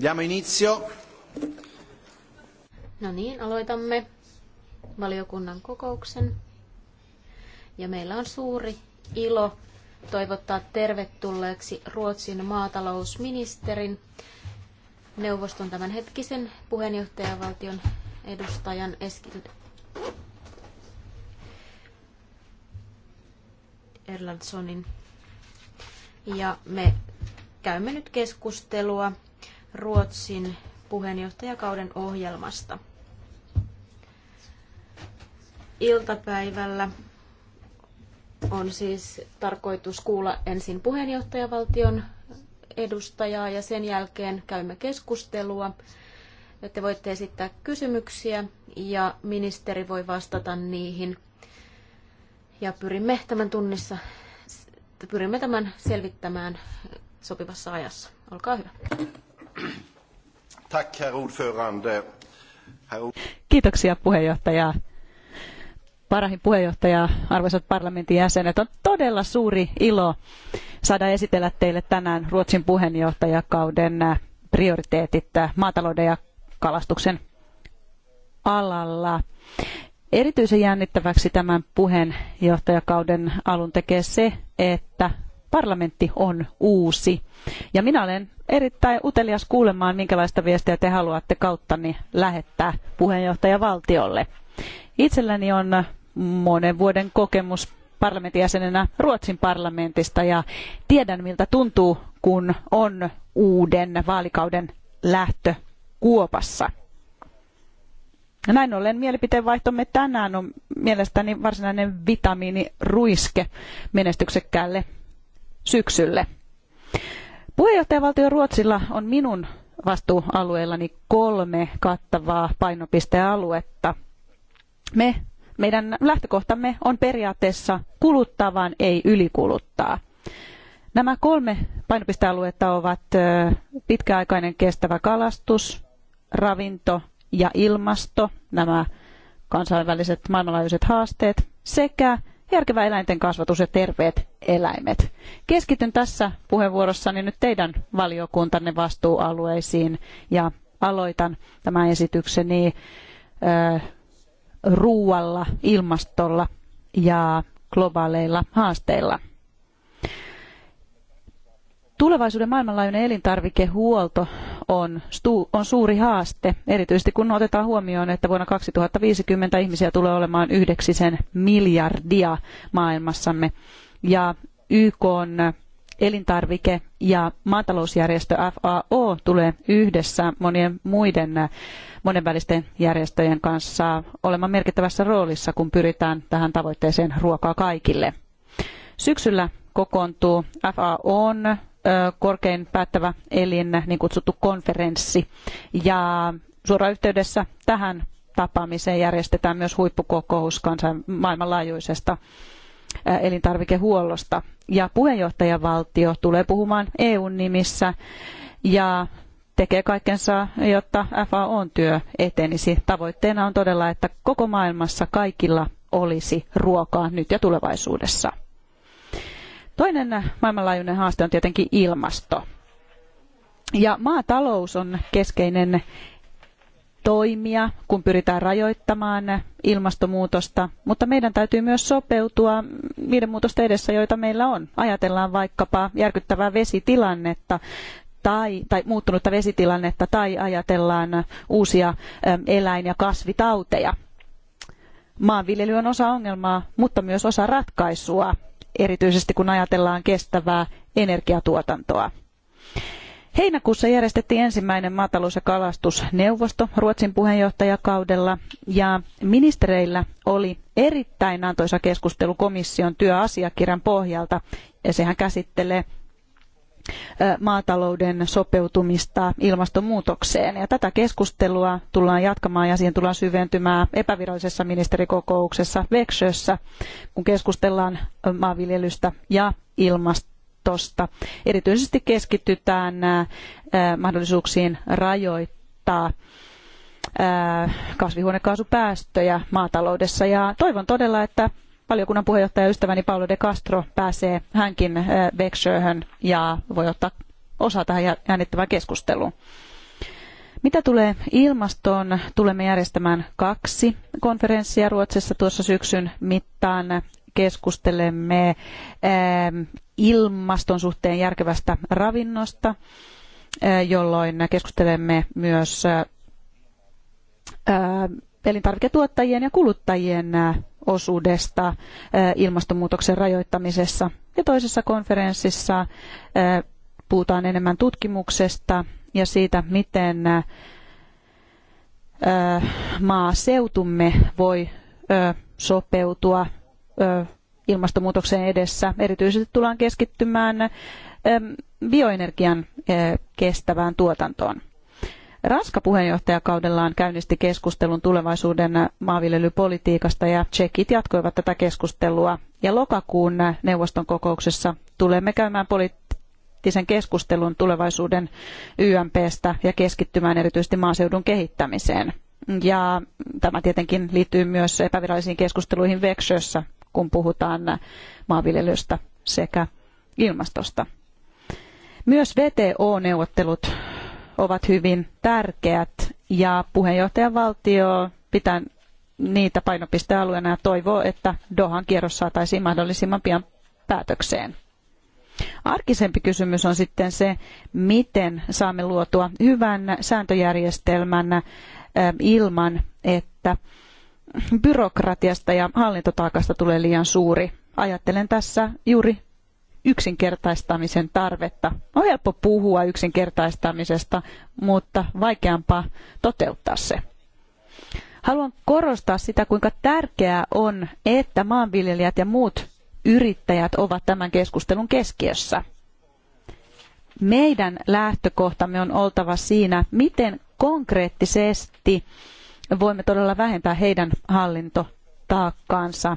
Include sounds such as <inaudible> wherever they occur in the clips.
Diamo inizio. No niin, aloitamme valiokunnan kokouksen. Ja meillä on suuri ilo toivottaa tervetulleeksi Ruotsin maatalousministerin, neuvoston tämänhetkisen puheenjohtajavaltion edustajan Eskild Erlandssonin. Ja me käymme nyt keskustelua Ruotsin puheenjohtajakauden ohjelmasta. Iltapäivällä on siis tarkoitus kuulla ensin puheenjohtajavaltion edustajaa ja sen jälkeen käymme keskustelua. Te voitte esittää kysymyksiä ja ministeri voi vastata niihin. Ja pyrimme tämän tunnissa, pyrimme tämän selvittämään sopivassa ajassa. Olkaa hyvä. Tack, herr ordförande. Kiitoksia puheenjohtaja. Parahin puheenjohtaja, arvoisat parlamentin jäsenet, on todella suuri ilo saada esitellä teille tänään Ruotsin puheenjohtajakauden äh, prioriteetit äh, maatalouden ja kalastuksen alalla. Erityisen jännittäväksi tämän puheenjohtajakauden alun tekee se, että parlamentti on uusi. Ja minä olen erittäin utelias kuulemaan, minkälaista viestiä te haluatte kauttani lähettää puheenjohtajavaltiolle. Itselläni on monen vuoden kokemus parlamentin jäsenenä Ruotsin parlamentista ja tiedän miltä tuntuu, kun on uuden vaalikauden lähtö kuopassa. Näin ollen mielipiteenvaihtomme tänään on mielestäni varsinainen vitamiiniruiske menestyksekkäälle syksylle. Puheenjohtajavaltio Ruotsilla on minun vastuualueellani kolme kattavaa painopistealuetta. Me, meidän lähtökohtamme on periaatteessa kuluttaa, vaan ei ylikuluttaa. Nämä kolme painopistealuetta ovat pitkäaikainen kestävä kalastus, ravinto ja ilmasto, nämä kansainväliset maailmanlaajuiset haasteet, sekä järkevä eläinten kasvatus ja terveet eläimet. Keskityn tässä puheenvuorossani nyt teidän valiokuntanne vastuualueisiin ja aloitan tämän esitykseni ruualla, ilmastolla ja globaaleilla haasteilla. Tulevaisuuden maailmanlaajuinen elintarvikehuolto on, on suuri haaste, erityisesti kun otetaan huomioon, että vuonna 2050 ihmisiä tulee olemaan yhdeksisen miljardia maailmassamme. Ja YK on elintarvike- ja maatalousjärjestö FAO tulee yhdessä monien muiden monenvälisten järjestöjen kanssa olemaan merkittävässä roolissa, kun pyritään tähän tavoitteeseen ruokaa kaikille. Syksyllä kokoontuu FAOn korkein päättävä elin, niin kutsuttu konferenssi. Ja suoraan yhteydessä tähän tapaamiseen järjestetään myös huippukokous kansan maailmanlaajuisesta elintarvikehuollosta. Ja puheenjohtajavaltio tulee puhumaan EUn nimissä ja tekee kaikkensa, jotta FAOn työ etenisi. Tavoitteena on todella, että koko maailmassa kaikilla olisi ruokaa nyt ja tulevaisuudessa. Toinen maailmanlaajuinen haaste on tietenkin ilmasto. Ja maatalous on keskeinen toimia, kun pyritään rajoittamaan ilmastonmuutosta, mutta meidän täytyy myös sopeutua niiden muutosten edessä, joita meillä on. Ajatellaan vaikkapa järkyttävää vesitilannetta tai, tai muuttunutta vesitilannetta tai ajatellaan uusia eläin- ja kasvitauteja. Maanviljely on osa ongelmaa, mutta myös osa ratkaisua erityisesti kun ajatellaan kestävää energiatuotantoa. Heinäkuussa järjestettiin ensimmäinen maatalous- ja kalastusneuvosto Ruotsin puheenjohtajakaudella ja ministereillä oli erittäin antoisa keskustelu komission työasiakirjan pohjalta ja sehän käsittelee maatalouden sopeutumista ilmastonmuutokseen. Ja tätä keskustelua tullaan jatkamaan ja siihen tullaan syventymään epävirallisessa ministerikokouksessa Veksössä, kun keskustellaan maanviljelystä ja ilmastosta. Erityisesti keskitytään mahdollisuuksiin rajoittaa kasvihuonekaasupäästöjä maataloudessa ja toivon todella, että valiokunnan puheenjohtaja ystäväni Paolo de Castro pääsee hänkin Vekshöhön eh, ja voi ottaa osaa tähän jännittävään keskusteluun. Mitä tulee ilmastoon, tulemme järjestämään kaksi konferenssia Ruotsissa tuossa syksyn mittaan. Keskustelemme eh, ilmaston suhteen järkevästä ravinnosta, eh, jolloin keskustelemme myös elintarviketuottajien ja kuluttajien osuudesta eh, ilmastonmuutoksen rajoittamisessa. Ja toisessa konferenssissa eh, puhutaan enemmän tutkimuksesta ja siitä, miten eh, maaseutumme voi sopeutua ilmastonmuutoksen edessä. Erityisesti tullaan keskittymään bioenergian kestävään tuotantoon. Ranska puheenjohtajakaudellaan käynnisti keskustelun tulevaisuuden maanviljelypolitiikasta ja tsekit jatkoivat tätä keskustelua. Ja lokakuun neuvoston kokouksessa tulemme käymään poliittisen keskustelun tulevaisuuden YMPstä ja keskittymään erityisesti maaseudun kehittämiseen. Ja tämä tietenkin liittyy myös epävirallisiin keskusteluihin Veksössä, kun puhutaan maanviljelystä sekä ilmastosta. Myös VTO-neuvottelut ovat hyvin tärkeät ja puheenjohtajavaltio pitää niitä painopistealueena ja toivoo, että Dohan kierros saataisiin mahdollisimman pian päätökseen. Arkisempi kysymys on sitten se, miten saamme luotua hyvän sääntöjärjestelmän ilman, että byrokratiasta ja hallintotaakasta tulee liian suuri. Ajattelen tässä juuri yksinkertaistamisen tarvetta. On helppo puhua yksinkertaistamisesta, mutta vaikeampaa toteuttaa se. Haluan korostaa sitä, kuinka tärkeää on, että maanviljelijät ja muut yrittäjät ovat tämän keskustelun keskiössä. Meidän lähtökohtamme on oltava siinä, miten konkreettisesti voimme todella vähentää heidän hallintotaakkaansa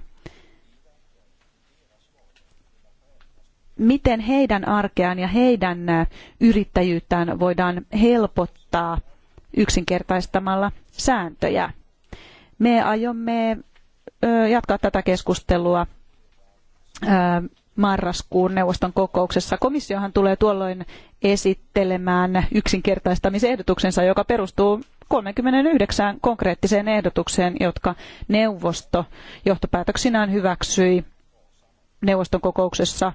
miten heidän arkeaan ja heidän yrittäjyyttään voidaan helpottaa yksinkertaistamalla sääntöjä. Me aiomme jatkaa tätä keskustelua marraskuun neuvoston kokouksessa. Komissiohan tulee tuolloin esittelemään yksinkertaistamisehdotuksensa, joka perustuu 39 konkreettiseen ehdotukseen, jotka neuvosto johtopäätöksinään hyväksyi neuvoston kokouksessa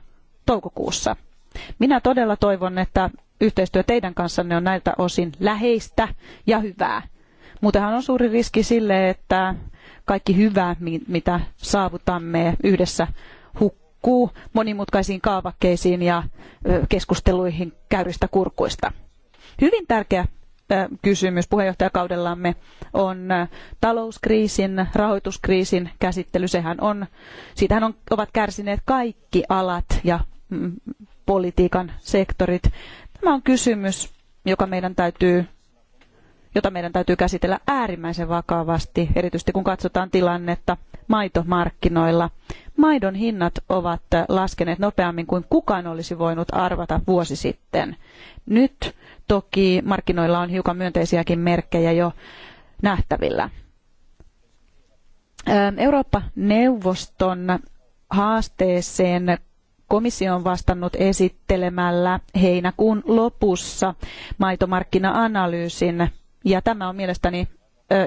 toukokuussa. Minä todella toivon, että yhteistyö teidän kanssanne on näiltä osin läheistä ja hyvää. Muutenhan on suuri riski sille, että kaikki hyvä, mitä saavutamme yhdessä, hukkuu monimutkaisiin kaavakkeisiin ja keskusteluihin käyristä kurkuista. Hyvin tärkeä kysymys puheenjohtajakaudellamme on talouskriisin, rahoituskriisin käsittely. Sehän on, siitähän on, ovat kärsineet kaikki alat ja Mm, politiikan sektorit. Tämä on kysymys, joka meidän täytyy, jota meidän täytyy käsitellä äärimmäisen vakavasti, erityisesti kun katsotaan tilannetta maitomarkkinoilla. Maidon hinnat ovat laskeneet nopeammin kuin kukaan olisi voinut arvata vuosi sitten. Nyt toki markkinoilla on hiukan myönteisiäkin merkkejä jo nähtävillä. Eurooppa-neuvoston haasteeseen Komissio on vastannut esittelemällä heinäkuun lopussa maitomarkkina-analyysin, ja tämä on mielestäni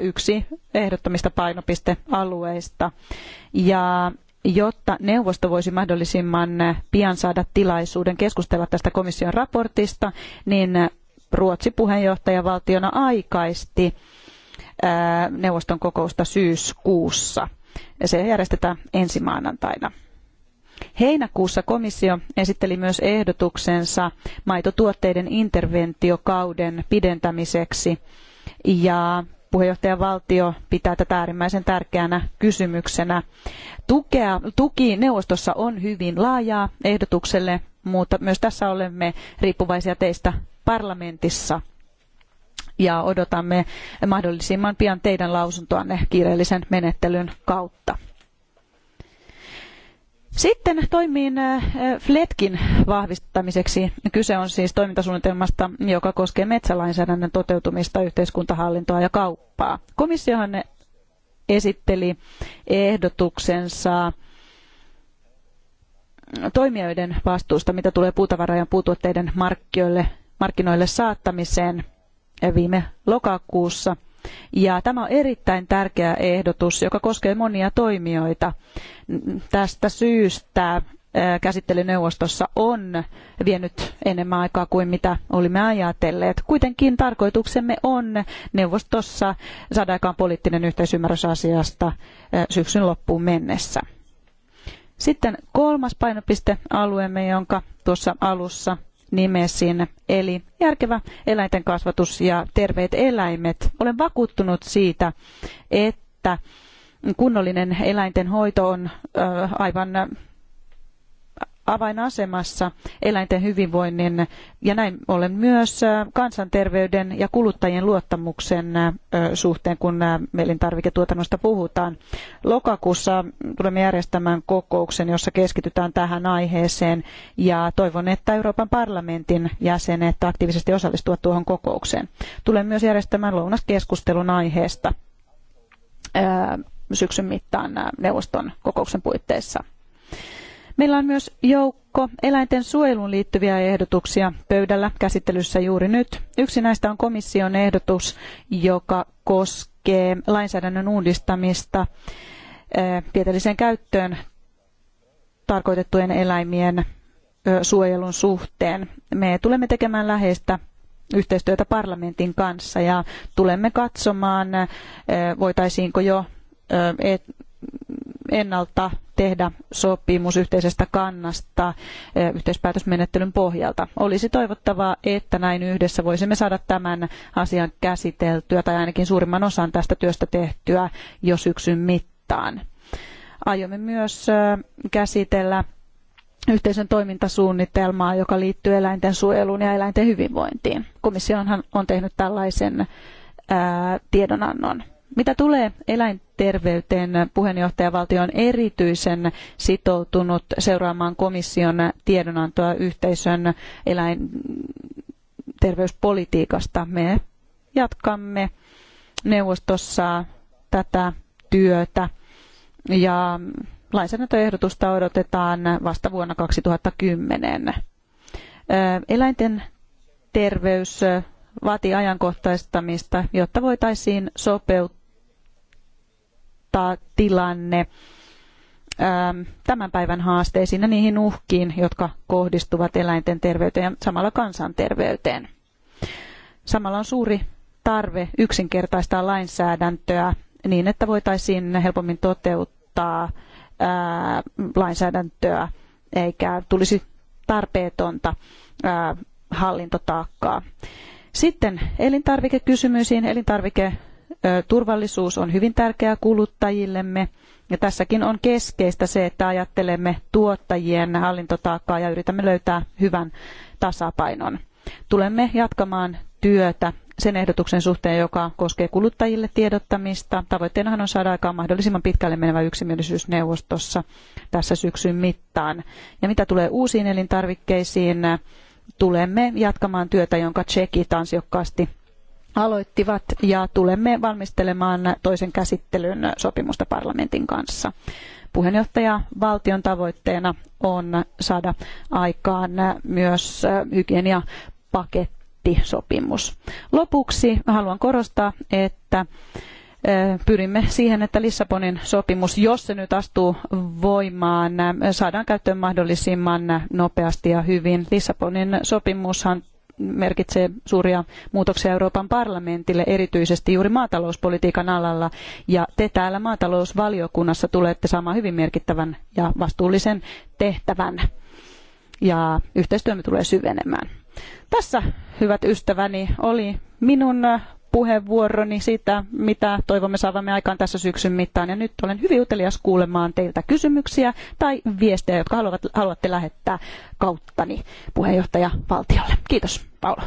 yksi ehdottomista painopistealueista. Ja jotta neuvosto voisi mahdollisimman pian saada tilaisuuden keskustella tästä komission raportista, niin Ruotsi puheenjohtajavaltiona aikaisti neuvoston kokousta syyskuussa. Se järjestetään ensi maanantaina. Heinäkuussa komissio esitteli myös ehdotuksensa maitotuotteiden interventiokauden pidentämiseksi ja puheenjohtajavaltio pitää tätä äärimmäisen tärkeänä kysymyksenä. Tukea, tuki neuvostossa on hyvin laajaa ehdotukselle, mutta myös tässä olemme riippuvaisia teistä parlamentissa ja odotamme mahdollisimman pian teidän lausuntoanne kiireellisen menettelyn kautta. Sitten toimiin äh, Fletkin vahvistamiseksi. Kyse on siis toimintasuunnitelmasta, joka koskee metsälainsäädännön toteutumista, yhteiskuntahallintoa ja kauppaa. Komissiohan esitteli ehdotuksensa toimijoiden vastuusta, mitä tulee puutavarojen ja puutuotteiden markkinoille saattamiseen viime lokakuussa. Ja tämä on erittäin tärkeä ehdotus, joka koskee monia toimijoita. Tästä syystä käsittelyneuvostossa on vienyt enemmän aikaa kuin mitä olimme ajatelleet. Kuitenkin tarkoituksemme on neuvostossa saada aikaan poliittinen yhteisymmärrys asiasta syksyn loppuun mennessä. Sitten kolmas painopistealueemme, jonka tuossa alussa nimesin, eli järkevä eläinten kasvatus ja terveet eläimet. Olen vakuuttunut siitä, että kunnollinen eläinten hoito on aivan avainasemassa eläinten hyvinvoinnin ja näin ollen myös äh, kansanterveyden ja kuluttajien luottamuksen äh, suhteen, kun äh, elintarviketuotannosta puhutaan. Lokakuussa tulemme järjestämään kokouksen, jossa keskitytään tähän aiheeseen ja toivon, että Euroopan parlamentin jäsenet aktiivisesti osallistuvat tuohon kokoukseen. Tulen myös järjestämään lounaskeskustelun aiheesta syksyn mittaan neuvoston kokouksen puitteissa. Meillä on myös joukko eläinten suojeluun liittyviä ehdotuksia pöydällä käsittelyssä juuri nyt. Yksi näistä on komission ehdotus, joka koskee lainsäädännön uudistamista eh, tieteelliseen käyttöön tarkoitettujen eläimien suojelun suhteen. Me tulemme tekemään läheistä yhteistyötä parlamentin kanssa ja tulemme katsomaan, eh, voitaisiinko jo ennalta tehdä sopimus yhteisestä kannasta eh, yhteispäätösmenettelyn pohjalta. Olisi toivottavaa, että näin yhdessä voisimme saada tämän asian käsiteltyä tai ainakin suurimman osan tästä työstä tehtyä jo syksyn mittaan. Aiomme myös eh, käsitellä yhteisön toimintasuunnitelmaa, joka liittyy eläinten suojeluun ja eläinten hyvinvointiin. Komissiohan on tehnyt tällaisen eh, tiedonannon. Mitä tulee eläinterveyteen, puheenjohtajavaltio on erityisen sitoutunut seuraamaan komission tiedonantoa yhteisön eläinterveyspolitiikasta. Me jatkamme neuvostossa tätä työtä ja lainsäädäntöehdotusta odotetaan vasta vuonna 2010. Eläinten terveys vaatii ajankohtaistamista, jotta voitaisiin sopeuttaa vaikuttaa tilanne ähm, tämän päivän haasteisiin ja niihin uhkiin, jotka kohdistuvat eläinten terveyteen ja samalla kansanterveyteen. Samalla on suuri tarve yksinkertaistaa lainsäädäntöä niin, että voitaisiin helpommin toteuttaa äh, lainsäädäntöä eikä tulisi tarpeetonta äh, hallintotaakkaa. Sitten elintarvikekysymyksiin. Elintarvike Turvallisuus on hyvin tärkeää kuluttajillemme ja tässäkin on keskeistä se, että ajattelemme tuottajien hallintotaakkaa ja yritämme löytää hyvän tasapainon. Tulemme jatkamaan työtä sen ehdotuksen suhteen, joka koskee kuluttajille tiedottamista. Tavoitteenahan on saada aikaan mahdollisimman pitkälle menevä yksimielisyys neuvostossa tässä syksyn mittaan. Ja mitä tulee uusiin elintarvikkeisiin, tulemme jatkamaan työtä, jonka Tseki ansiokkaasti aloittivat ja tulemme valmistelemaan toisen käsittelyn sopimusta parlamentin kanssa. Puheenjohtaja valtion tavoitteena on saada aikaan myös hygieniapakettisopimus. Lopuksi haluan korostaa, että pyrimme siihen, että Lissabonin sopimus, jos se nyt astuu voimaan, saadaan käyttöön mahdollisimman nopeasti ja hyvin. Lissabonin sopimushan merkitsee suuria muutoksia Euroopan parlamentille, erityisesti juuri maatalouspolitiikan alalla. Ja te täällä maatalousvaliokunnassa tulette saamaan hyvin merkittävän ja vastuullisen tehtävän. Ja yhteistyömme tulee syvenemään. Tässä, hyvät ystäväni, oli minun puheenvuoroni siitä, mitä toivomme saavamme aikaan tässä syksyn mittaan. Ja nyt olen hyvin utelias kuulemaan teiltä kysymyksiä tai viestejä, jotka haluatte lähettää kauttani puheenjohtaja valtiolle. Kiitos, Paula.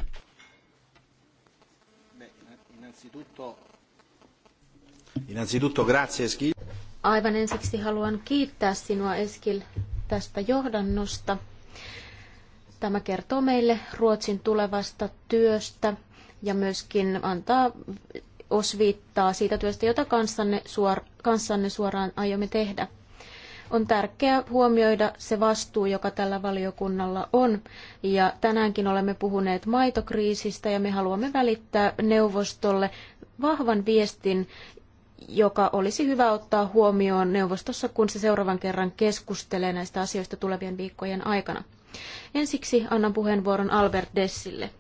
Aivan ensiksi haluan kiittää sinua Eskil tästä johdannosta. Tämä kertoo meille Ruotsin tulevasta työstä ja myöskin antaa osviittaa siitä työstä, jota kanssanne, suor, kanssanne suoraan aiomme tehdä. On tärkeää huomioida se vastuu, joka tällä valiokunnalla on. Ja tänäänkin olemme puhuneet maitokriisistä ja me haluamme välittää neuvostolle vahvan viestin, joka olisi hyvä ottaa huomioon neuvostossa, kun se seuraavan kerran keskustelee näistä asioista tulevien viikkojen aikana. Ensiksi annan puheenvuoron Albert Dessille.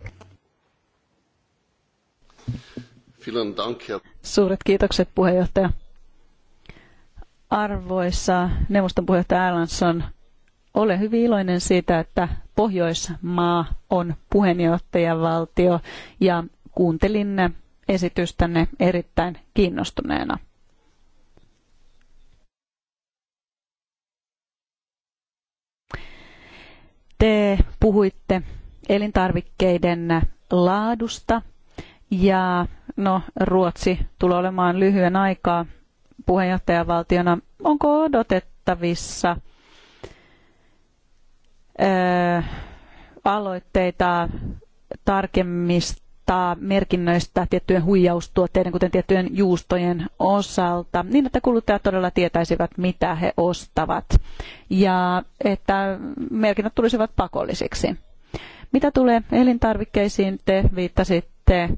Suuret kiitokset puheenjohtaja. Arvoisa neuvoston puheenjohtaja Erlandsson, olen hyvin iloinen siitä, että Pohjoismaa on puheenjohtajavaltio ja kuuntelin esitystänne erittäin kiinnostuneena. Te puhuitte elintarvikkeiden laadusta ja No, Ruotsi tulee olemaan lyhyen aikaa puheenjohtajavaltiona. Onko odotettavissa aloitteita tarkemmista merkinnöistä tiettyjen huijaustuotteiden, kuten tiettyjen juustojen osalta, niin että kuluttajat todella tietäisivät, mitä he ostavat, ja että merkinnät tulisivat pakollisiksi. Mitä tulee elintarvikkeisiin, te viittasitte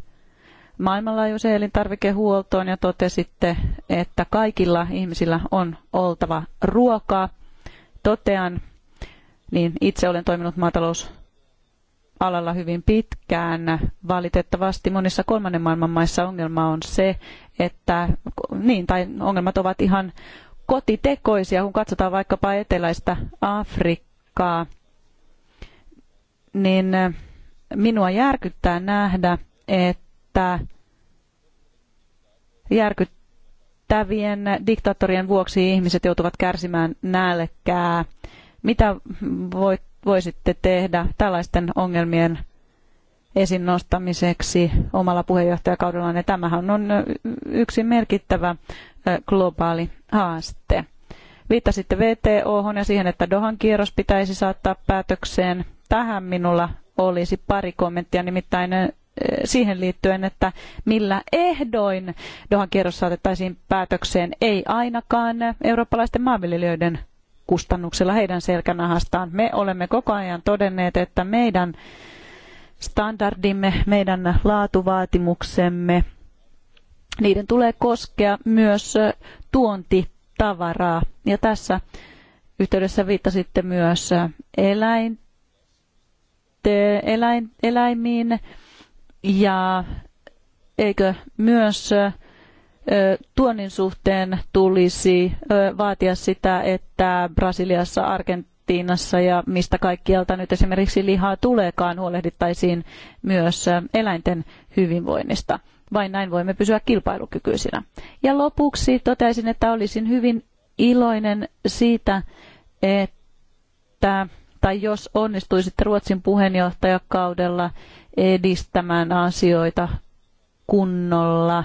maailmanlaajuiseen elintarvikehuoltoon ja totesitte, että kaikilla ihmisillä on oltava ruokaa. Totean, niin itse olen toiminut maatalous alalla hyvin pitkään. Valitettavasti monissa kolmannen maailman maissa ongelma on se, että niin, tai ongelmat ovat ihan kotitekoisia, kun katsotaan vaikkapa eteläistä Afrikkaa, niin minua järkyttää nähdä, että että järkyttävien diktaattorien vuoksi ihmiset joutuvat kärsimään nälkää. Mitä voit, voisitte tehdä tällaisten ongelmien esiin nostamiseksi omalla puheenjohtajakaudellaan. Ja tämähän on yksi merkittävä globaali haaste. Viittasitte VTO ja siihen, että Dohan kierros pitäisi saattaa päätökseen. Tähän minulla olisi pari kommenttia, nimittäin Eh, siihen liittyen, että millä ehdoin Dohan kierros saatettaisiin päätökseen, ei ainakaan eurooppalaisten maanviljelijöiden kustannuksella heidän selkänahastaan. Me olemme koko ajan todenneet, että meidän standardimme, meidän laatuvaatimuksemme, niiden tulee koskea myös eh, tuontitavaraa. Ja tässä yhteydessä viittasitte myös eh, eläin, eläin, eläimiin ja eikö myös tuonnin suhteen tulisi vaatia sitä, että Brasiliassa, Argentiinassa ja mistä kaikkialta nyt esimerkiksi lihaa tuleekaan huolehdittaisiin myös eläinten hyvinvoinnista. Vain näin voimme pysyä kilpailukykyisinä. Ja lopuksi toteaisin, että olisin hyvin iloinen siitä, että tai jos onnistuisitte Ruotsin puheenjohtajakaudella edistämään asioita kunnolla.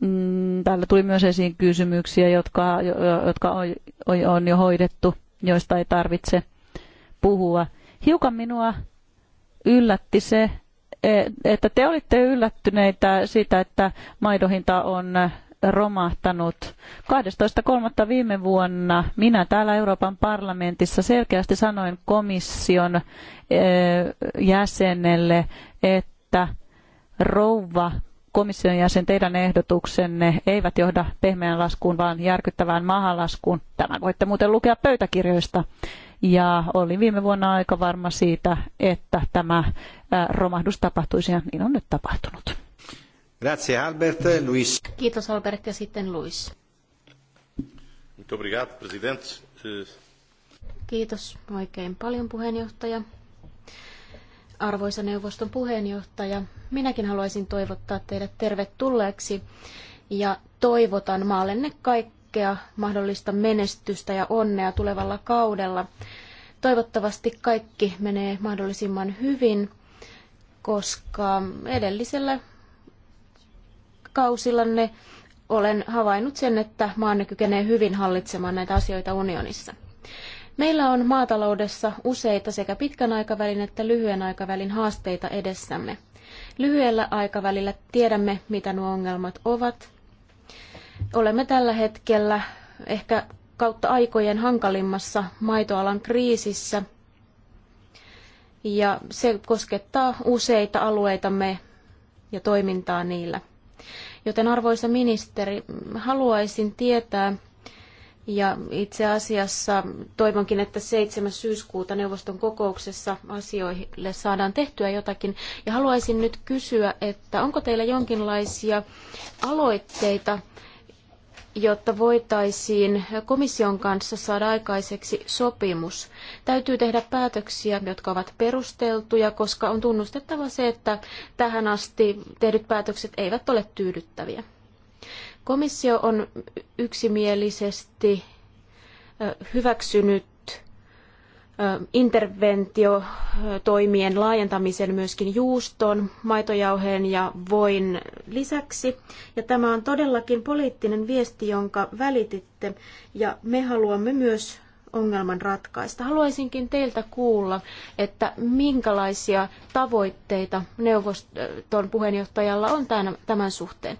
Mm, täällä tuli myös esiin kysymyksiä, jotka, jotka on jo hoidettu, joista ei tarvitse puhua. Hiukan minua yllätti se, e, että te olitte yllättyneitä siitä, että maidohinta on romahtanut. 12.3. viime vuonna minä täällä Euroopan parlamentissa selkeästi sanoin komission eh, jäsenelle, että rouva komission jäsen, teidän ehdotuksenne eivät johda pehmeään laskuun, vaan järkyttävään mahalaskuun. Tämä voitte muuten lukea pöytäkirjoista. Ja olin viime vuonna aika varma siitä, että tämä eh, romahdus tapahtuisi ja niin on nyt tapahtunut. Grazie Albert, Luis. Kiitos Albert ja sitten Luis. Muito obrigado, presidente. Eh, Kiitos oikein paljon puheenjohtaja. Arvoisa neuvoston puheenjohtaja, minäkin haluaisin toivottaa teidät tervetulleeksi ja toivotan maallenne kaikkea mahdollista menestystä ja onnea tulevalla kaudella. Toivottavasti kaikki menee mahdollisimman hyvin, koska edellisellä kausillanne olen havainnut sen, että maanne kykenee hyvin hallitsemaan näitä asioita unionissa. Meillä on maataloudessa useita sekä pitkän aikavälin että lyhyen aikavälin haasteita edessämme. Lyhyellä aikavälillä tiedämme, mitä nuo ongelmat ovat. Olemme tällä hetkellä ehkä kautta aikojen hankalimmassa maitoalan kriisissä, ja se koskettaa useita alueitamme ja toimintaa niillä. Joten arvoisa ministeri, haluaisin tietää, ja itse asiassa toivonkin, että 7. syyskuuta neuvoston kokouksessa asioille saadaan tehtyä jotakin. Ja haluaisin nyt kysyä, että onko teillä jonkinlaisia aloitteita, jotta voitaisiin komission kanssa saada aikaiseksi sopimus. Täytyy tehdä päätöksiä, jotka ovat perusteltuja, koska on tunnustettava se, että tähän asti tehdyt päätökset eivät ole tyydyttäviä. Komissio on yksimielisesti hyväksynyt interventiotoimien laajentamisen myöskin juuston, maitojauheen ja voin lisäksi. Ja tämä on todellakin poliittinen viesti, jonka välititte, ja me haluamme myös ongelman ratkaista. Haluaisinkin teiltä kuulla, että minkälaisia tavoitteita neuvoston puheenjohtajalla on tämän suhteen.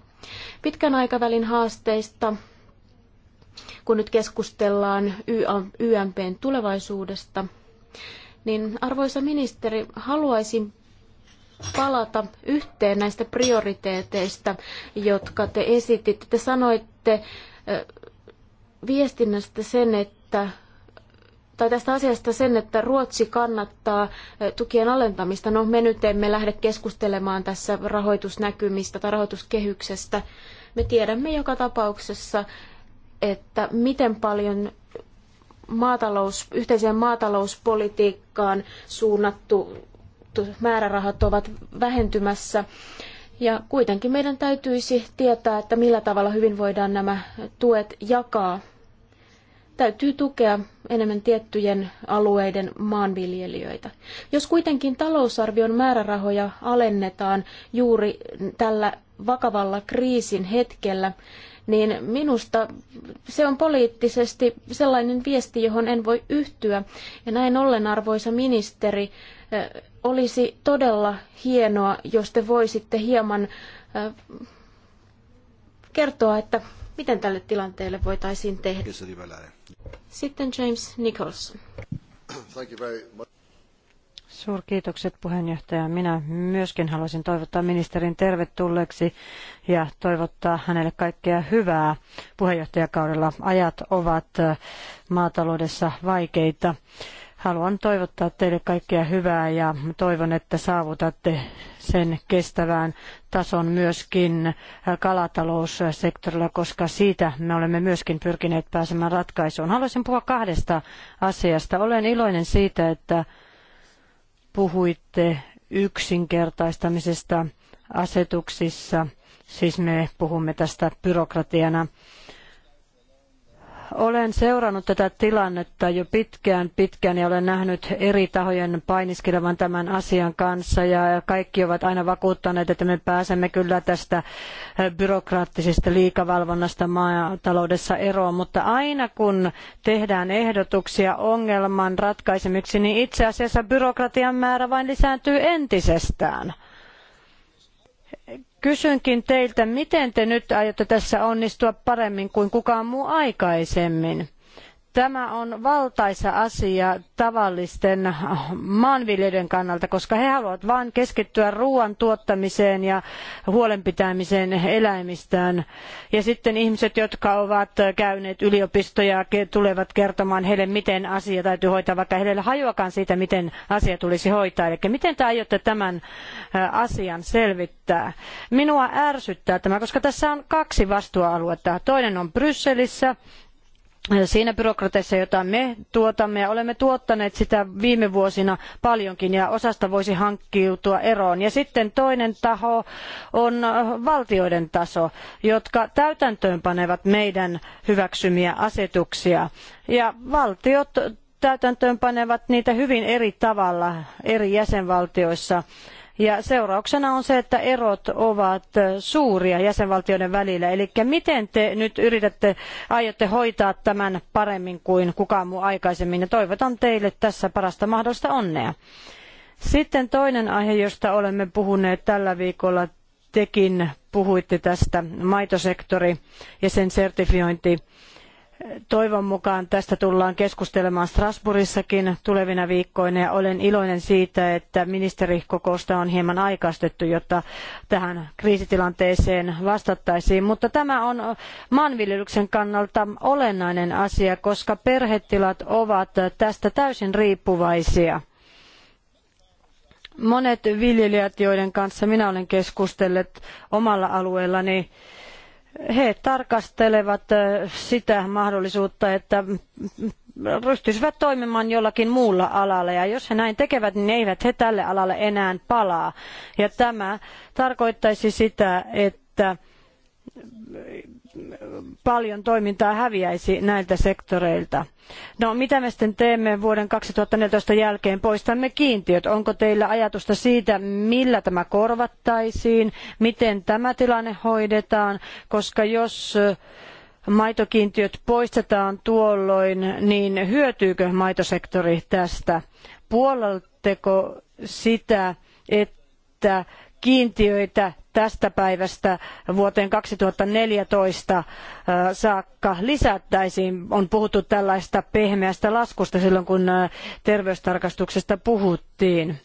Pitkän aikavälin haasteista kun nyt keskustellaan YMPn tulevaisuudesta, niin arvoisa ministeri, haluaisin palata yhteen näistä prioriteeteista, jotka te esititte. Te sanoitte viestinnästä sen, että tai tästä asiasta sen, että Ruotsi kannattaa tukien alentamista. No me nyt emme lähde keskustelemaan tässä rahoitusnäkymistä tai rahoituskehyksestä. Me tiedämme joka tapauksessa, että miten paljon maatalous, yhteiseen maatalouspolitiikkaan suunnattu määrärahat ovat vähentymässä. Ja kuitenkin meidän täytyisi tietää, että millä tavalla hyvin voidaan nämä tuet jakaa. Täytyy tukea enemmän tiettyjen alueiden maanviljelijöitä. Jos kuitenkin talousarvion määrärahoja alennetaan juuri tällä vakavalla kriisin hetkellä, niin minusta se on poliittisesti sellainen viesti, johon en voi yhtyä. Ja näin ollen, arvoisa ministeri, olisi todella hienoa, jos te voisitte hieman kertoa, että miten tälle tilanteelle voitaisiin tehdä. Sitten James Nicholson. Suurkiitokset puheenjohtaja. Minä myöskin haluaisin toivottaa ministerin tervetulleeksi ja toivottaa hänelle kaikkea hyvää puheenjohtajakaudella. Ajat ovat äh, maataloudessa vaikeita. Haluan toivottaa teille kaikkea hyvää ja toivon, että saavutatte sen kestävään tason myöskin äh, kalataloussektorilla, koska siitä me olemme myöskin pyrkineet pääsemään ratkaisuun. Haluaisin puhua kahdesta asiasta. Olen iloinen siitä, että puhuitte yksinkertaistamisesta asetuksissa, siis me puhumme tästä byrokratiana olen seurannut tätä tilannetta jo pitkään pitkään ja olen nähnyt eri tahojen painiskelevan tämän asian kanssa ja kaikki ovat aina vakuuttaneet, että me pääsemme kyllä tästä eh, byrokraattisesta liikavalvonnasta maataloudessa eroon, mutta aina kun tehdään ehdotuksia ongelman ratkaisemiksi, niin itse asiassa byrokratian määrä vain lisääntyy entisestään Kysynkin teiltä, miten te nyt aiotte tässä onnistua paremmin kuin kukaan muu aikaisemmin? Tämä on valtaisa asia tavallisten maanviljelijöiden kannalta, koska he haluavat vain keskittyä ruoan tuottamiseen ja huolenpitämiseen eläimistään. Ja sitten ihmiset, jotka ovat käyneet yliopistoja, tulevat kertomaan heille, miten asia täytyy hoitaa, vaikka heille ei hajuakaan siitä, miten asia tulisi hoitaa. Eli miten te aiotte tämän asian selvittää? Minua ärsyttää tämä, koska tässä on kaksi vastuualuetta. Toinen on Brysselissä siinä byrokratiassa, jota me tuotamme ja olemme tuottaneet sitä viime vuosina paljonkin ja osasta voisi hankkiutua eroon. Ja sitten toinen taho on valtioiden taso, jotka täytäntöönpanevat meidän hyväksymiä asetuksia. Ja valtiot täytäntöönpanevat niitä hyvin eri tavalla eri jäsenvaltioissa. Ja seurauksena on se, että erot ovat suuria jäsenvaltioiden välillä. Eli miten te nyt yritätte, aiotte hoitaa tämän paremmin kuin kukaan muu aikaisemmin? Ja toivotan teille tässä parasta mahdollista onnea. Sitten toinen aihe, josta olemme puhuneet tällä viikolla, tekin puhuitte tästä maitosektori ja sen sertifiointi Toivon mukaan tästä tullaan keskustelemaan Strasbourgissakin tulevina viikkoina ja olen iloinen siitä, että ministerikokousta on hieman aikaistettu, jotta tähän kriisitilanteeseen vastattaisiin. Mutta tämä on maanviljelyksen kannalta olennainen asia, koska perhetilat ovat tästä täysin riippuvaisia. Monet viljelijät, joiden kanssa minä olen keskustellut omalla alueellani, he tarkastelevat sitä mahdollisuutta, että ryhtyisivät toimimaan jollakin muulla alalla. Ja jos he näin tekevät, niin eivät he tälle alalle enää palaa. Ja tämä tarkoittaisi sitä, että paljon toimintaa häviäisi näiltä sektoreilta. No mitä me sitten teemme vuoden 2014 jälkeen? Poistamme kiintiöt. Onko teillä ajatusta siitä, millä tämä korvattaisiin? Miten tämä tilanne hoidetaan? Koska jos maitokiintiöt poistetaan tuolloin, niin hyötyykö maitosektori tästä? Puolatteko sitä, että kiintiöitä tästä päivästä vuoteen 2014 äh, saakka lisättäisiin. On puhuttu tällaista pehmeästä laskusta silloin, kun äh, terveystarkastuksesta puhuttiin.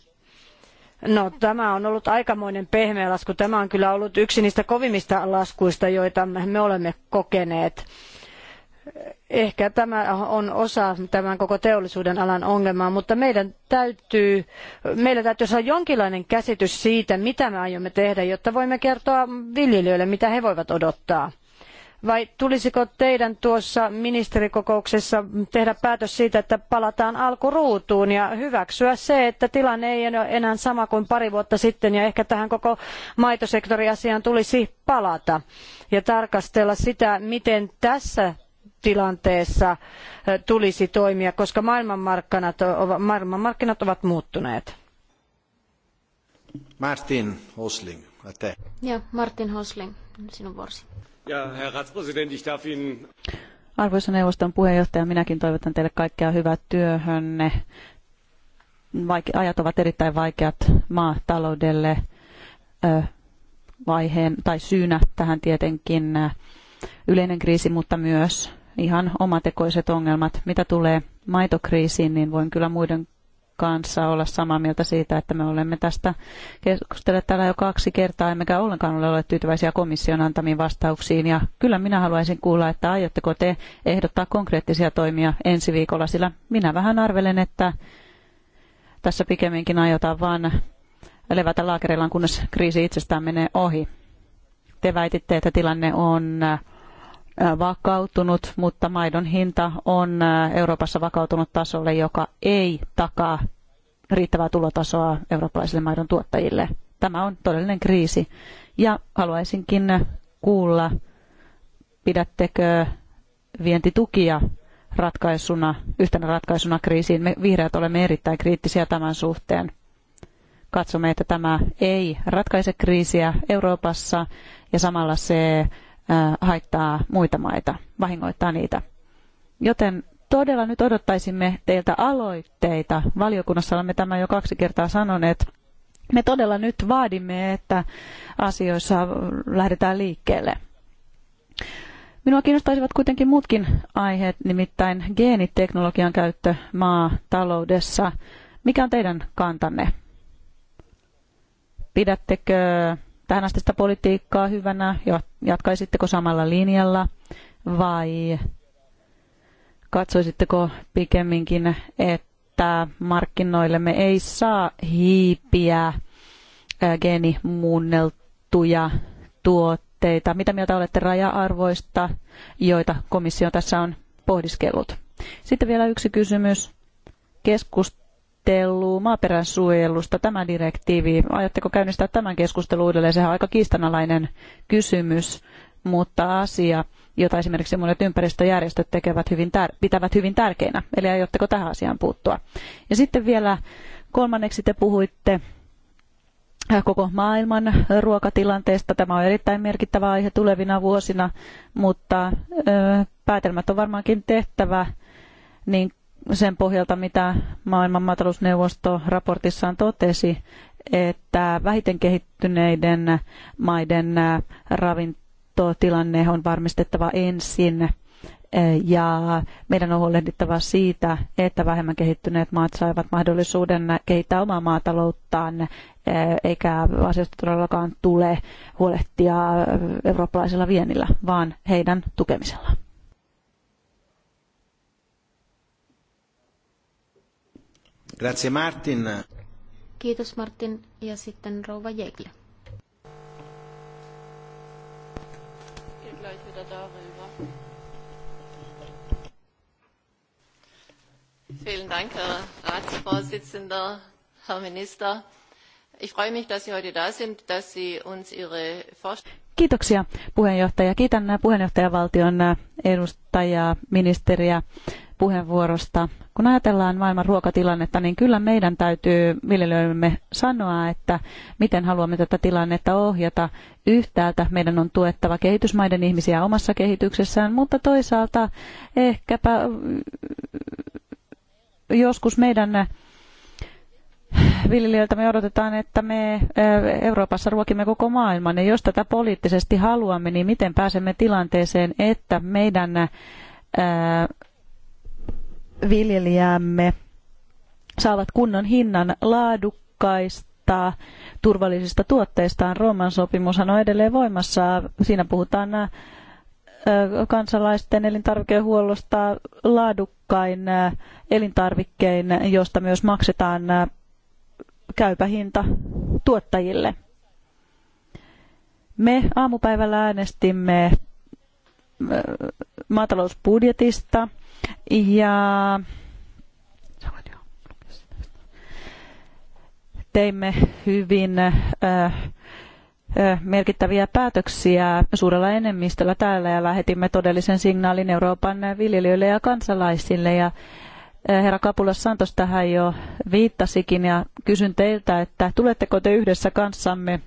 No tämä on ollut aikamoinen pehmeä lasku. Tämä on kyllä ollut yksi niistä kovimmista laskuista, joita me olemme kokeneet ehkä tämä on osa tämän koko teollisuuden alan ongelmaa, mutta meidän täytyy, meillä täytyy saada jonkinlainen käsitys siitä, mitä me aiomme tehdä, jotta voimme kertoa viljelijöille, mitä he voivat odottaa. Vai tulisiko teidän tuossa ministerikokouksessa tehdä päätös siitä, että palataan alkuruutuun ja hyväksyä se, että tilanne ei ole enää sama kuin pari vuotta sitten ja ehkä tähän koko maitosektoriasiaan tulisi palata ja tarkastella sitä, miten tässä tilanteessa tulisi toimia, koska maailmanmarkkinat, maailmanmarkkinat ovat muuttuneet. Martin Hosling, te. Ja Martin Hosling, sinun vuorosi. Ja herra Ratspräsident, ich darf Ihnen... Arvoisa neuvoston puheenjohtaja, minäkin toivotan teille kaikkea hyvää työhönne. Vaike- ajat ovat erittäin vaikeat maataloudelle ö, vaiheen tai syynä tähän tietenkin yleinen kriisi, mutta myös ihan omatekoiset ongelmat. Mitä tulee maitokriisiin, niin voin kyllä muiden kanssa olla samaa mieltä siitä, että me olemme tästä keskustelleet täällä jo kaksi kertaa, emmekä ollenkaan ole olleet tyytyväisiä komission antamiin vastauksiin. Ja kyllä minä haluaisin kuulla, että aiotteko te ehdottaa konkreettisia toimia ensi viikolla, sillä minä vähän arvelen, että tässä pikemminkin aiotaan vaan levätä laakereillaan, kunnes kriisi itsestään menee ohi. Te väititte, että tilanne on vakautunut, mutta maidon hinta on Euroopassa vakautunut tasolle, joka ei takaa riittävää tulotasoa eurooppalaisille maidon tuottajille. Tämä on todellinen kriisi. Ja haluaisinkin kuulla, pidättekö vientitukia ratkaisuna, yhtenä ratkaisuna kriisiin. Me vihreät olemme erittäin kriittisiä tämän suhteen. Katsomme, että tämä ei ratkaise kriisiä Euroopassa ja samalla se haittaa muita maita, vahingoittaa niitä. Joten todella nyt odottaisimme teiltä aloitteita. Valiokunnassa olemme tämän jo kaksi kertaa sanoneet. Me todella nyt vaadimme, että asioissa lähdetään liikkeelle. Minua kiinnostaisivat kuitenkin muutkin aiheet, nimittäin geeniteknologian käyttö maataloudessa. Mikä on teidän kantanne? Pidättekö tähän astista politiikkaa hyvänä? Jatkaisitteko samalla linjalla vai katsoisitteko pikemminkin, että markkinoille me ei saa hiipiä geenimuunneltuja tuotteita? Mitä mieltä olette raja-arvoista, joita komissio tässä on pohdiskellut? Sitten vielä yksi kysymys. Keskustelu suunnittelu maaperän suojelusta, tämä direktiivi, ajatteko käynnistää tämän keskustelun uudelleen? Sehän on aika kiistanalainen kysymys, mutta asia, jota esimerkiksi monet ympäristöjärjestöt tekevät hyvin pitävät hyvin tärkeänä, Eli aiotteko tähän asiaan puuttua? Ja sitten vielä kolmanneksi te puhuitte äh, koko maailman ruokatilanteesta. Tämä on erittäin merkittävä aihe tulevina vuosina, mutta äh, päätelmät on varmaankin tehtävä niin sen pohjalta, mitä maailman maatalousneuvosto raportissaan totesi, että vähiten kehittyneiden maiden ravintotilanne on varmistettava ensin ja meidän on huolehdittava siitä, että vähemmän kehittyneet maat saivat mahdollisuuden kehittää omaa maatalouttaan, eikä asiasta todellakaan tule huolehtia eurooppalaisella vienillä, vaan heidän tukemisellaan. Grazie Martin. Kiitos Martin ja sitten rouva Jegle. Vielen Dank, Herr Ratsvorsitzender, Herr Minister. Ich freue Kiitoksia puheenjohtaja. Kiitän äh, puheenjohtajavaltion äh, edustajaa, ministeriä puheenvuorosta. Kun ajatellaan maailman ruokatilannetta, niin kyllä meidän täytyy viljelijöillemme sanoa, että miten haluamme tätä tilannetta ohjata. Yhtäältä meidän on tuettava kehitysmaiden ihmisiä omassa kehityksessään, mutta toisaalta ehkäpä mm, joskus meidän viljelijöiltä me odotetaan, että me Euroopassa ruokimme koko maailman. Ja jos tätä poliittisesti haluamme, niin miten pääsemme tilanteeseen, että meidän viljelijämme saavat kunnon hinnan laadukkaista turvallisista tuotteistaan. Rooman sopimushan on edelleen voimassa. Siinä puhutaan kansalaisten elintarvikehuollosta laadukkain elintarvikkein, josta myös maksetaan käypä hinta tuottajille. Me aamupäivällä äänestimme äh, maatalousbudjetista ja teimme hyvin äh, äh, merkittäviä päätöksiä suurella enemmistöllä täällä ja lähetimme todellisen signaalin Euroopan viljelijöille ja kansalaisille ja Eh, herra Kapulas Santos tähän jo viittasikin ja kysyn teiltä, että tuletteko te yhdessä kanssamme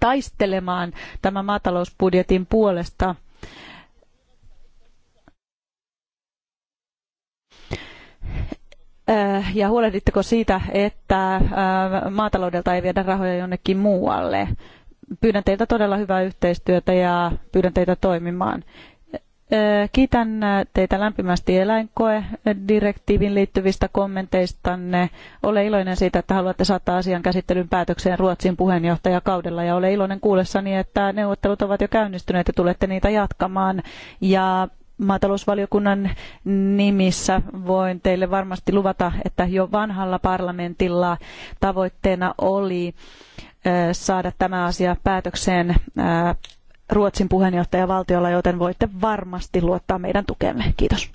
taistelemaan tämän maatalousbudjetin puolesta? Eh, ja huolehditteko siitä, että eh, maataloudelta ei viedä rahoja jonnekin muualle? Pyydän teiltä todella hyvää yhteistyötä ja pyydän teitä toimimaan. Kiitän teitä lämpimästi eläinkoedirektiivin liittyvistä kommenteistanne. Olen iloinen siitä, että haluatte saattaa asian käsittelyn päätökseen Ruotsin puheenjohtajakaudella ja olen iloinen kuullessani, että neuvottelut ovat jo käynnistyneet ja tulette niitä jatkamaan. Ja maatalousvaliokunnan nimissä voin teille varmasti luvata, että jo vanhalla parlamentilla tavoitteena oli saada tämä asia päätökseen Ruotsin puheenjohtajavaltiolla, joten voitte varmasti luottaa meidän tukemme. Kiitos.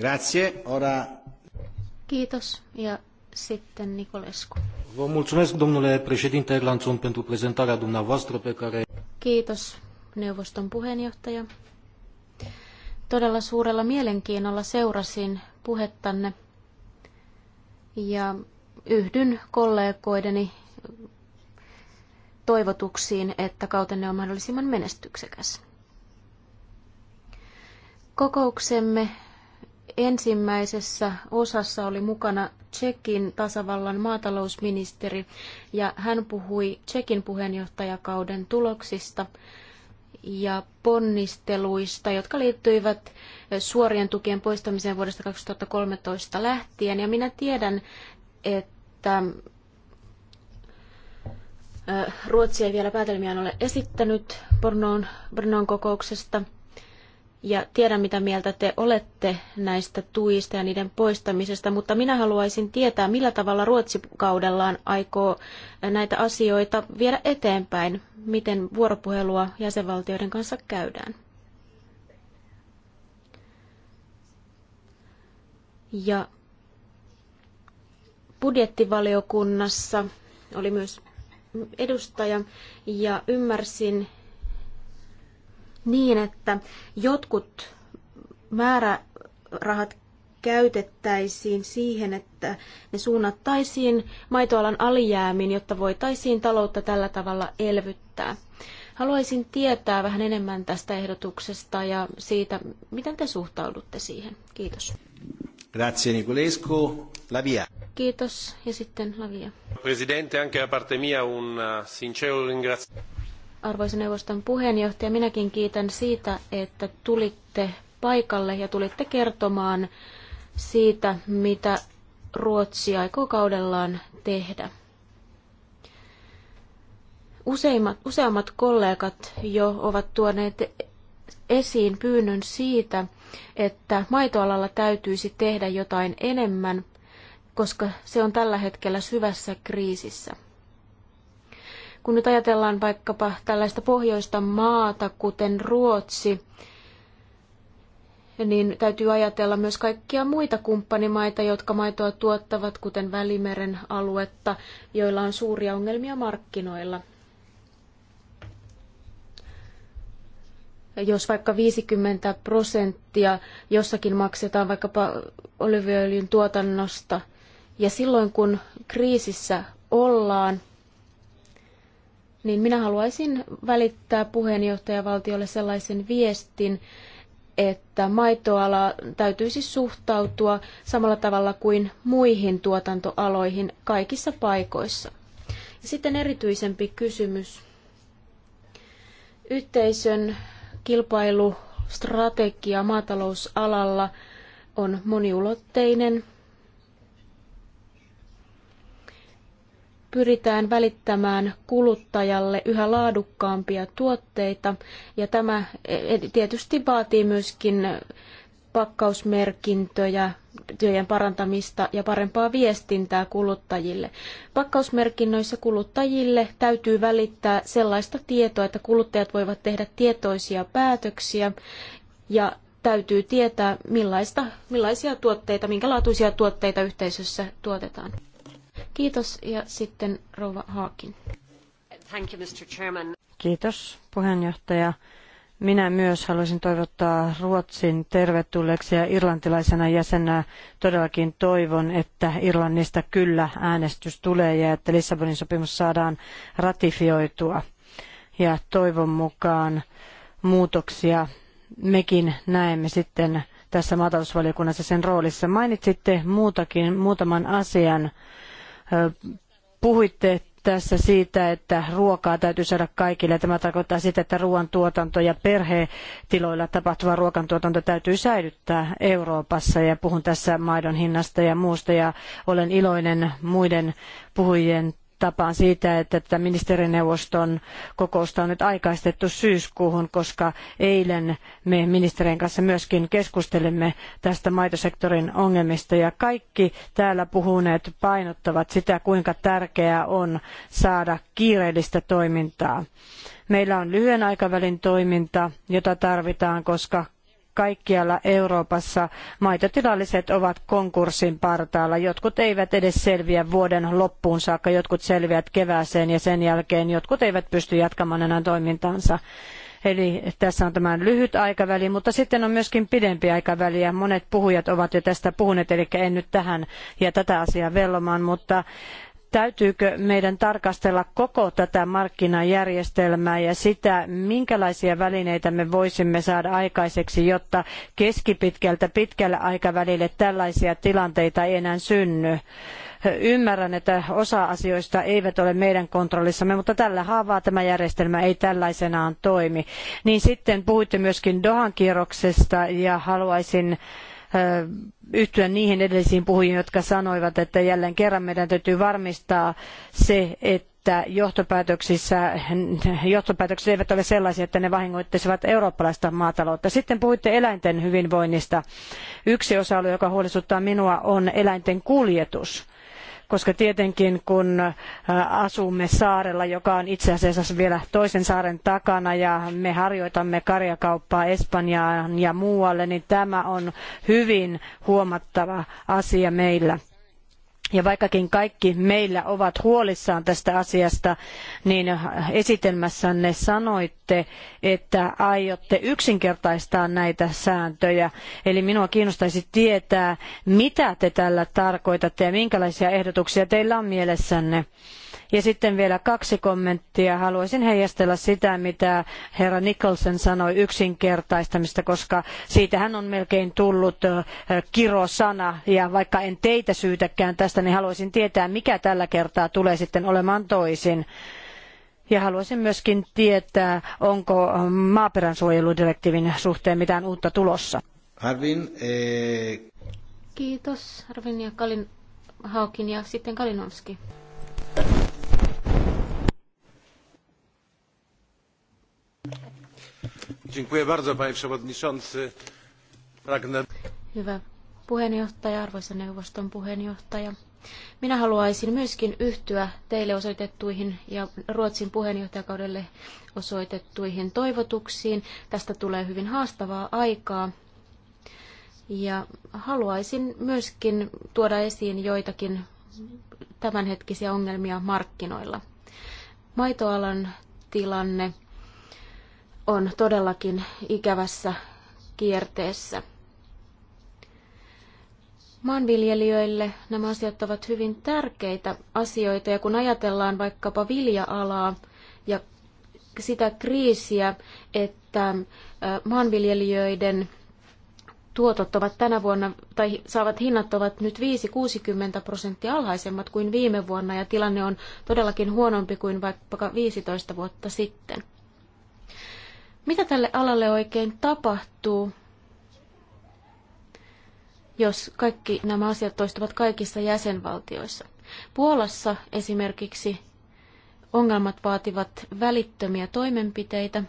Grazie. Ora... Kiitos. Ja sitten Nicolescu. Vă mulțumesc, domnule președinte Erlanțon, pentru prezentarea dumneavoastră pe care... Kiitos, neuvoston puheenjohtaja. Todella suurella mielenkiinnolla seurasin puhettanne ja yhdyn kollegoideni toivotuksiin, että kautenne on mahdollisimman menestyksekäs. Kokouksemme ensimmäisessä osassa oli mukana Tsekin tasavallan maatalousministeri ja hän puhui Tsekin puheenjohtajakauden tuloksista ja ponnisteluista, jotka liittyivät suorien tukien poistamiseen vuodesta 2013 lähtien. Ja minä tiedän, että että Ruotsi ei vielä päätelmiään ole esittänyt Bornoon, Bornoon kokouksesta. Ja tiedän, mitä mieltä te olette näistä tuista ja niiden poistamisesta, mutta minä haluaisin tietää, millä tavalla Ruotsi kaudellaan aikoo näitä asioita viedä eteenpäin, miten vuoropuhelua jäsenvaltioiden kanssa käydään. Ja budjettivaliokunnassa oli myös edustaja ja ymmärsin niin, että jotkut määrärahat käytettäisiin siihen, että ne suunnattaisiin maitoalan alijäämiin, jotta voitaisiin taloutta tällä tavalla elvyttää. Haluaisin tietää vähän enemmän tästä ehdotuksesta ja siitä, miten te suhtaudutte siihen. Kiitos. Grazie Nicolescu. La via. Kiitos. Ja sitten Lavia. Presidente, anche parte mia un eh, sincero Arvoisa neuvoston puheenjohtaja, minäkin kiitän siitä, että tulitte paikalle ja tulitte kertomaan siitä, mitä Ruotsi aikoo kaudellaan tehdä. Useimmat, useammat kollegat jo ovat tuoneet esiin pyynnön siitä, että maitoalalla täytyisi tehdä jotain enemmän koska se on tällä hetkellä syvässä kriisissä. Kun nyt ajatellaan vaikkapa tällaista pohjoista maata, kuten Ruotsi, niin täytyy ajatella myös kaikkia muita kumppanimaita, jotka maitoa tuottavat, kuten Välimeren aluetta, joilla on suuria ongelmia markkinoilla. Jos vaikka 50 prosenttia jossakin maksetaan vaikkapa olivyöljyn tuotannosta – ja silloin kun kriisissä ollaan, niin minä haluaisin välittää puheenjohtajavaltiolle sellaisen viestin, että maitoala täytyisi suhtautua samalla tavalla kuin muihin tuotantoaloihin kaikissa paikoissa. Ja sitten erityisempi kysymys. Yhteisön kilpailustrategia maatalousalalla on moniulotteinen pyritään välittämään kuluttajalle yhä laadukkaampia tuotteita ja tämä eh, eh, tietysti vaatii myöskin pakkausmerkintöjä, työn parantamista ja parempaa viestintää kuluttajille. Pakkausmerkinnöissä kuluttajille täytyy välittää sellaista tietoa, että kuluttajat voivat tehdä tietoisia päätöksiä ja täytyy tietää, millaista, millaisia tuotteita, minkälaatuisia tuotteita yhteisössä tuotetaan. Kiitos ja sitten rouva Haakin. Thank you, Mr. Chairman. Kiitos puheenjohtaja. Minä myös haluaisin toivottaa Ruotsin tervetulleeksi ja irlantilaisena jäsenä todellakin toivon, että Irlannista kyllä äänestys tulee ja että Lissabonin sopimus saadaan ratifioitua. Ja toivon mukaan muutoksia mekin näemme sitten tässä maatalousvaliokunnassa sen roolissa. Mainitsitte muutakin, muutaman asian, Puhuitte tässä siitä, että ruokaa täytyy saada kaikille. Tämä tarkoittaa sitä, että ruoantuotanto ja perhetiloilla tapahtuva ruokantuotanto täytyy säilyttää Euroopassa. Ja puhun tässä maidon hinnasta ja muusta. Ja olen iloinen muiden puhujien tapaan siitä, että tätä ministerineuvoston kokousta on nyt aikaistettu syyskuuhun, koska eilen me ministerien kanssa myöskin keskustelimme tästä maitosektorin ongelmista ja kaikki täällä puhuneet painottavat sitä, kuinka tärkeää on saada kiireellistä toimintaa. Meillä on lyhyen aikavälin toiminta, jota tarvitaan, koska kaikkialla Euroopassa maitotilalliset ovat konkurssin partaalla. Jotkut eivät edes selviä vuoden loppuun saakka, jotkut selviävät kevääseen ja sen jälkeen jotkut eivät pysty jatkamaan enää toimintaansa. Eli tässä on tämä lyhyt aikaväli, mutta sitten on myöskin pidempi aikaväli ja monet puhujat ovat jo tästä puhuneet, eli en nyt tähän ja tätä asiaa vellomaan, mutta Täytyykö meidän tarkastella koko tätä markkinajärjestelmää ja sitä, minkälaisia välineitä me voisimme saada aikaiseksi, jotta keskipitkältä pitkällä aikavälille tällaisia tilanteita ei enää synny? ymmärrän, että osa asioista eivät ole meidän kontrollissamme, mutta tällä haavaa tämä järjestelmä ei tällaisenaan toimi. Niin sitten puhuitte myöskin Dohan kierroksesta ja haluaisin yhtyä niihin edellisiin puhujiin, jotka sanoivat, että jälleen kerran meidän täytyy varmistaa se, että johtopäätöksissä, johtopäätökset eivät ole sellaisia, että ne vahingoittaisivat eurooppalaista maataloutta. Sitten puhuitte eläinten hyvinvoinnista. Yksi osa-alue, joka huolestuttaa minua, on eläinten kuljetus koska tietenkin kun asumme saarella, joka on itse asiassa vielä toisen saaren takana ja me harjoitamme karjakauppaa Espanjaan ja muualle, niin tämä on hyvin huomattava asia meillä. Ja vaikkakin kaikki meillä ovat huolissaan tästä asiasta, niin esitelmässänne sanoitte, että aiotte yksinkertaistaa näitä sääntöjä. Eli minua kiinnostaisi tietää, mitä te tällä tarkoitatte ja minkälaisia ehdotuksia teillä on mielessänne. Ja sitten vielä kaksi kommenttia. Haluaisin heijastella sitä, mitä herra Nicholson sanoi yksinkertaistamista, koska siitähän on melkein tullut kirosana. Ja vaikka en teitä syytäkään tästä, niin haluaisin tietää, mikä tällä kertaa tulee sitten olemaan toisin. Ja haluaisin myöskin tietää, onko maaperän suojeludirektiivin suhteen mitään uutta tulossa. Harvin, ee... Kiitos Harvin ja Kalin Haukin ja sitten Kalinovski. Dziękuję bardzo, panie przewodniczący. Hyvä puheenjohtaja, arvoisa neuvoston puheenjohtaja. Minä haluaisin myöskin yhtyä teille osoitettuihin ja Ruotsin puheenjohtajakaudelle osoitettuihin toivotuksiin. Tästä tulee hyvin haastavaa aikaa. Ja haluaisin myöskin tuoda esiin joitakin tämänhetkisiä ongelmia markkinoilla. Maitoalan tilanne on todellakin ikävässä kierteessä. Maanviljelijöille nämä asiat ovat hyvin tärkeitä asioita ja kun ajatellaan vaikkapa vilja-alaa ja sitä kriisiä, että maanviljelijöiden tuotot ovat tänä vuonna, tai saavat hinnat ovat nyt 5-60 prosenttia alhaisemmat kuin viime vuonna, ja tilanne on todellakin huonompi kuin vaikka 15 vuotta sitten. Mitä tälle alalle oikein tapahtuu, jos kaikki nämä asiat toistuvat kaikissa jäsenvaltioissa? Puolassa esimerkiksi ongelmat vaativat välittömiä toimenpiteitä.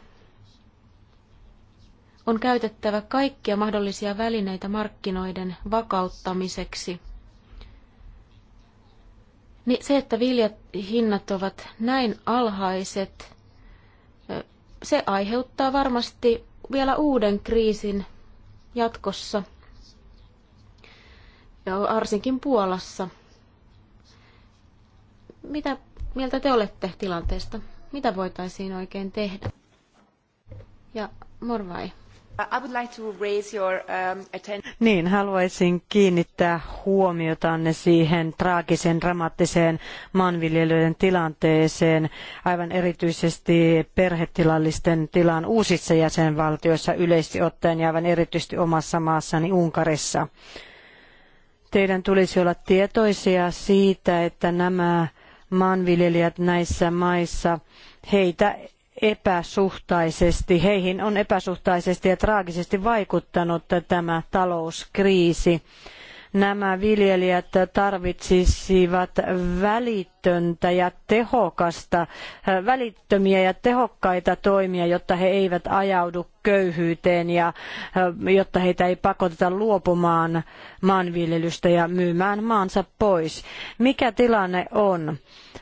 On käytettävä kaikkia mahdollisia välineitä markkinoiden vakauttamiseksi. Niin se, että hinnat ovat näin alhaiset, se aiheuttaa varmasti vielä uuden kriisin jatkossa, ja varsinkin Puolassa. Mitä mieltä te olette tilanteesta? Mitä voitaisiin oikein tehdä? Ja Morvai. Um, niin, haluaisin kiinnittää huomiotanne siihen traagiseen, dramaattiseen maanviljelijöiden tilanteeseen, aivan erityisesti perhetilallisten tilaan uusissa jäsenvaltioissa yleisesti ottaen ja aivan erityisesti omassa maassani Unkarissa. Teidän tulisi olla tietoisia siitä, että nämä maanviljelijät näissä maissa, heitä epäsuhtaisesti, heihin on epäsuhtaisesti ja traagisesti vaikuttanut tämä talouskriisi. Nämä viljelijät tarvitsisivat välitöntä ja tehokasta, äh, välittömiä ja tehokkaita toimia, jotta he eivät ajaudu köyhyyteen ja äh, jotta heitä ei pakoteta luopumaan maanviljelystä ja myymään maansa pois. Mikä tilanne on?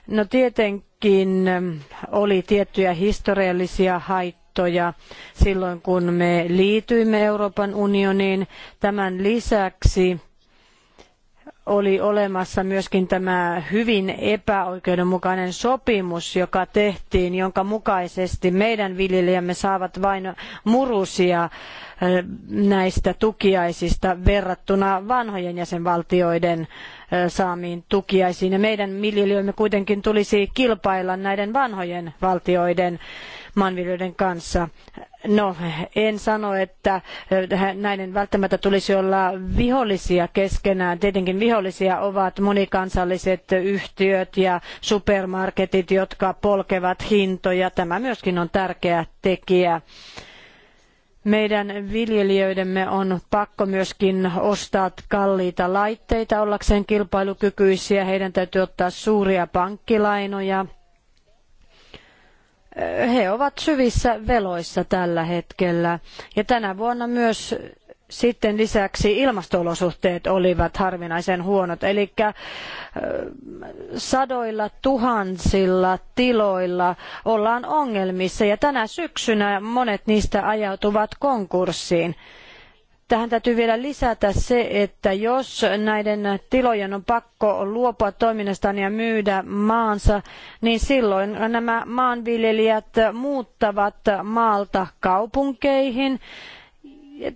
No tietenkin Tietenkin oli tiettyjä historiallisia haittoja silloin, kun me liityimme Euroopan unioniin. Tämän lisäksi oli olemassa myöskin tämä hyvin epäoikeudenmukainen sopimus, joka tehtiin, jonka mukaisesti meidän viljelijämme saavat vain murusia äh, näistä tukiaisista verrattuna vanhojen jäsenvaltioiden saamiin tukiaisiin. Ja meidän viljelijöimme kuitenkin tulisi kilpailla näiden vanhojen valtioiden maanviljelijöiden kanssa. No, en sano, että näiden välttämättä tulisi olla vihollisia keskenään. Tietenkin vihollisia ovat monikansalliset yhtiöt ja supermarketit, jotka polkevat hintoja. Tämä myöskin on tärkeä tekijä meidän viljelijöidemme on pakko myöskin ostaa kalliita laitteita ollakseen kilpailukykyisiä. Heidän täytyy ottaa suuria pankkilainoja. He ovat syvissä veloissa tällä hetkellä. Ja tänä vuonna myös sitten lisäksi olosuhteet olivat harvinaisen huonot, eli sadoilla tuhansilla tiloilla ollaan ongelmissa ja tänä syksynä monet niistä ajautuvat konkurssiin. Tähän täytyy vielä lisätä se, että jos näiden tilojen on pakko luopua toiminnastaan ja myydä maansa, niin silloin nämä maanviljelijät muuttavat maalta kaupunkeihin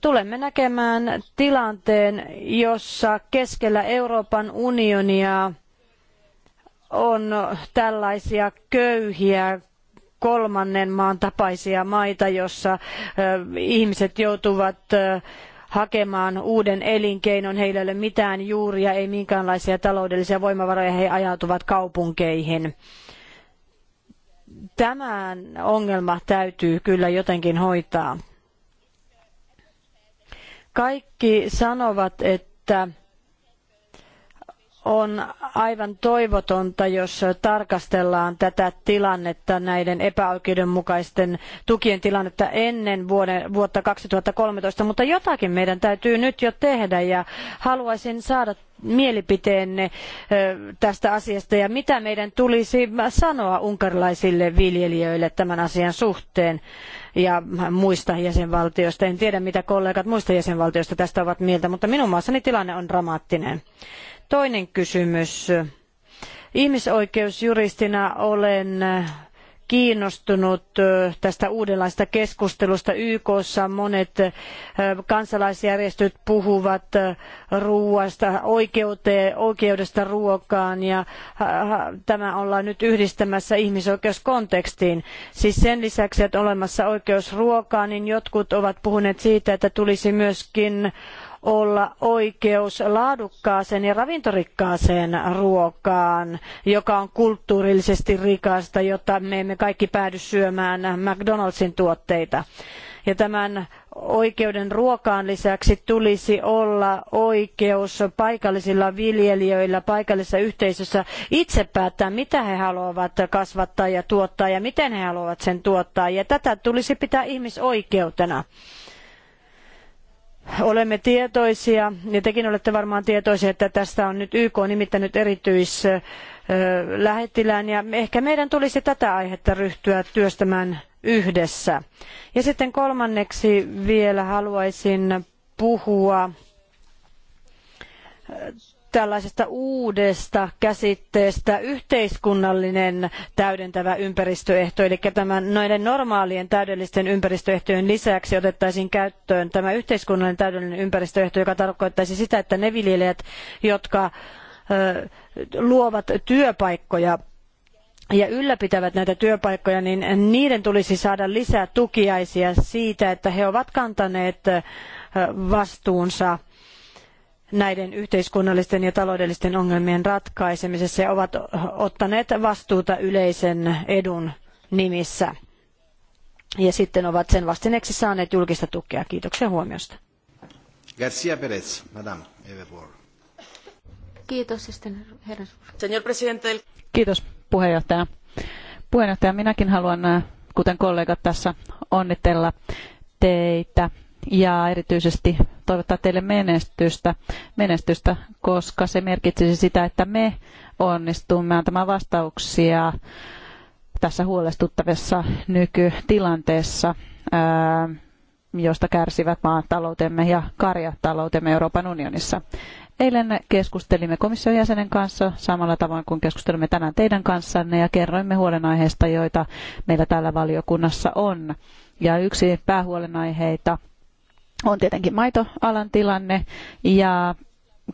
tulemme näkemään tilanteen, jossa keskellä Euroopan unionia on tällaisia köyhiä kolmannen maan tapaisia maita, jossa ihmiset joutuvat hakemaan uuden elinkeinon. Heillä ei ole mitään juuria, ei minkäänlaisia taloudellisia voimavaroja, he ajautuvat kaupunkeihin. Tämä ongelma täytyy kyllä jotenkin hoitaa. Kaikki sanovat, että on aivan toivotonta, jos tarkastellaan tätä tilannetta näiden epäoikeudenmukaisten tukien tilannetta ennen vuoden, vuotta 2013, mutta jotakin meidän täytyy nyt jo tehdä ja haluaisin saada mielipiteenne tästä asiasta ja mitä meidän tulisi sanoa unkarilaisille viljelijöille tämän asian suhteen ja muista jäsenvaltioista. En tiedä, mitä kollegat muista jäsenvaltioista tästä ovat mieltä, mutta minun maassani tilanne on dramaattinen. Toinen kysymys. Ihmisoikeusjuristina olen kiinnostunut tästä uudenlaista keskustelusta. YKssa monet kansalaisjärjestöt puhuvat ruoasta, oikeudesta ruokaan ja tämä ollaan nyt yhdistämässä ihmisoikeuskontekstiin. Siis sen lisäksi, että on olemassa oikeus ruokaan, niin jotkut ovat puhuneet siitä, että tulisi myöskin olla oikeus laadukkaaseen ja ravintorikkaaseen ruokaan, joka on kulttuurillisesti rikasta, jotta me emme kaikki päädy syömään McDonaldsin tuotteita. Ja tämän oikeuden ruokaan lisäksi tulisi olla oikeus paikallisilla viljelijöillä paikallisessa yhteisössä itse päättää, mitä he haluavat kasvattaa ja tuottaa ja miten he haluavat sen tuottaa. Ja tätä tulisi pitää ihmisoikeutena. Olemme tietoisia, ja tekin olette varmaan tietoisia, että tästä on nyt YK nimittänyt erityislähettilään, ja ehkä meidän tulisi tätä aihetta ryhtyä työstämään yhdessä. Ja sitten kolmanneksi vielä haluaisin puhua tällaisesta uudesta käsitteestä yhteiskunnallinen täydentävä ympäristöehto, eli tämän noiden normaalien täydellisten ympäristöehtojen lisäksi otettaisiin käyttöön tämä yhteiskunnallinen täydellinen ympäristöehto, joka tarkoittaisi sitä, että ne viljelijät, jotka luovat työpaikkoja ja ylläpitävät näitä työpaikkoja, niin niiden tulisi saada lisää tukiaisia siitä, että he ovat kantaneet vastuunsa näiden yhteiskunnallisten ja taloudellisten ongelmien ratkaisemisessa ja ovat ottaneet vastuuta yleisen edun nimissä. Ja sitten ovat sen vastineeksi saaneet julkista tukea. Kiitoksia huomiosta. Garcia Perez, Madame Everboard. Kiitos, Señor presidente. Kiitos, puheenjohtaja. Puheenjohtaja, minäkin haluan, kuten kollegat tässä, onnitella teitä ja erityisesti toivottaa teille menestystä, menestystä koska se merkitsisi sitä, että me onnistumme antamaan vastauksia tässä huolestuttavassa nykytilanteessa, josta kärsivät maataloutemme ja karjataloutemme Euroopan unionissa. Eilen keskustelimme komission jäsenen kanssa samalla tavoin kuin keskustelimme tänään teidän kanssanne ja kerroimme huolenaiheista, joita meillä täällä valiokunnassa on. Ja yksi päähuolenaiheita on tietenkin maitoalan tilanne ja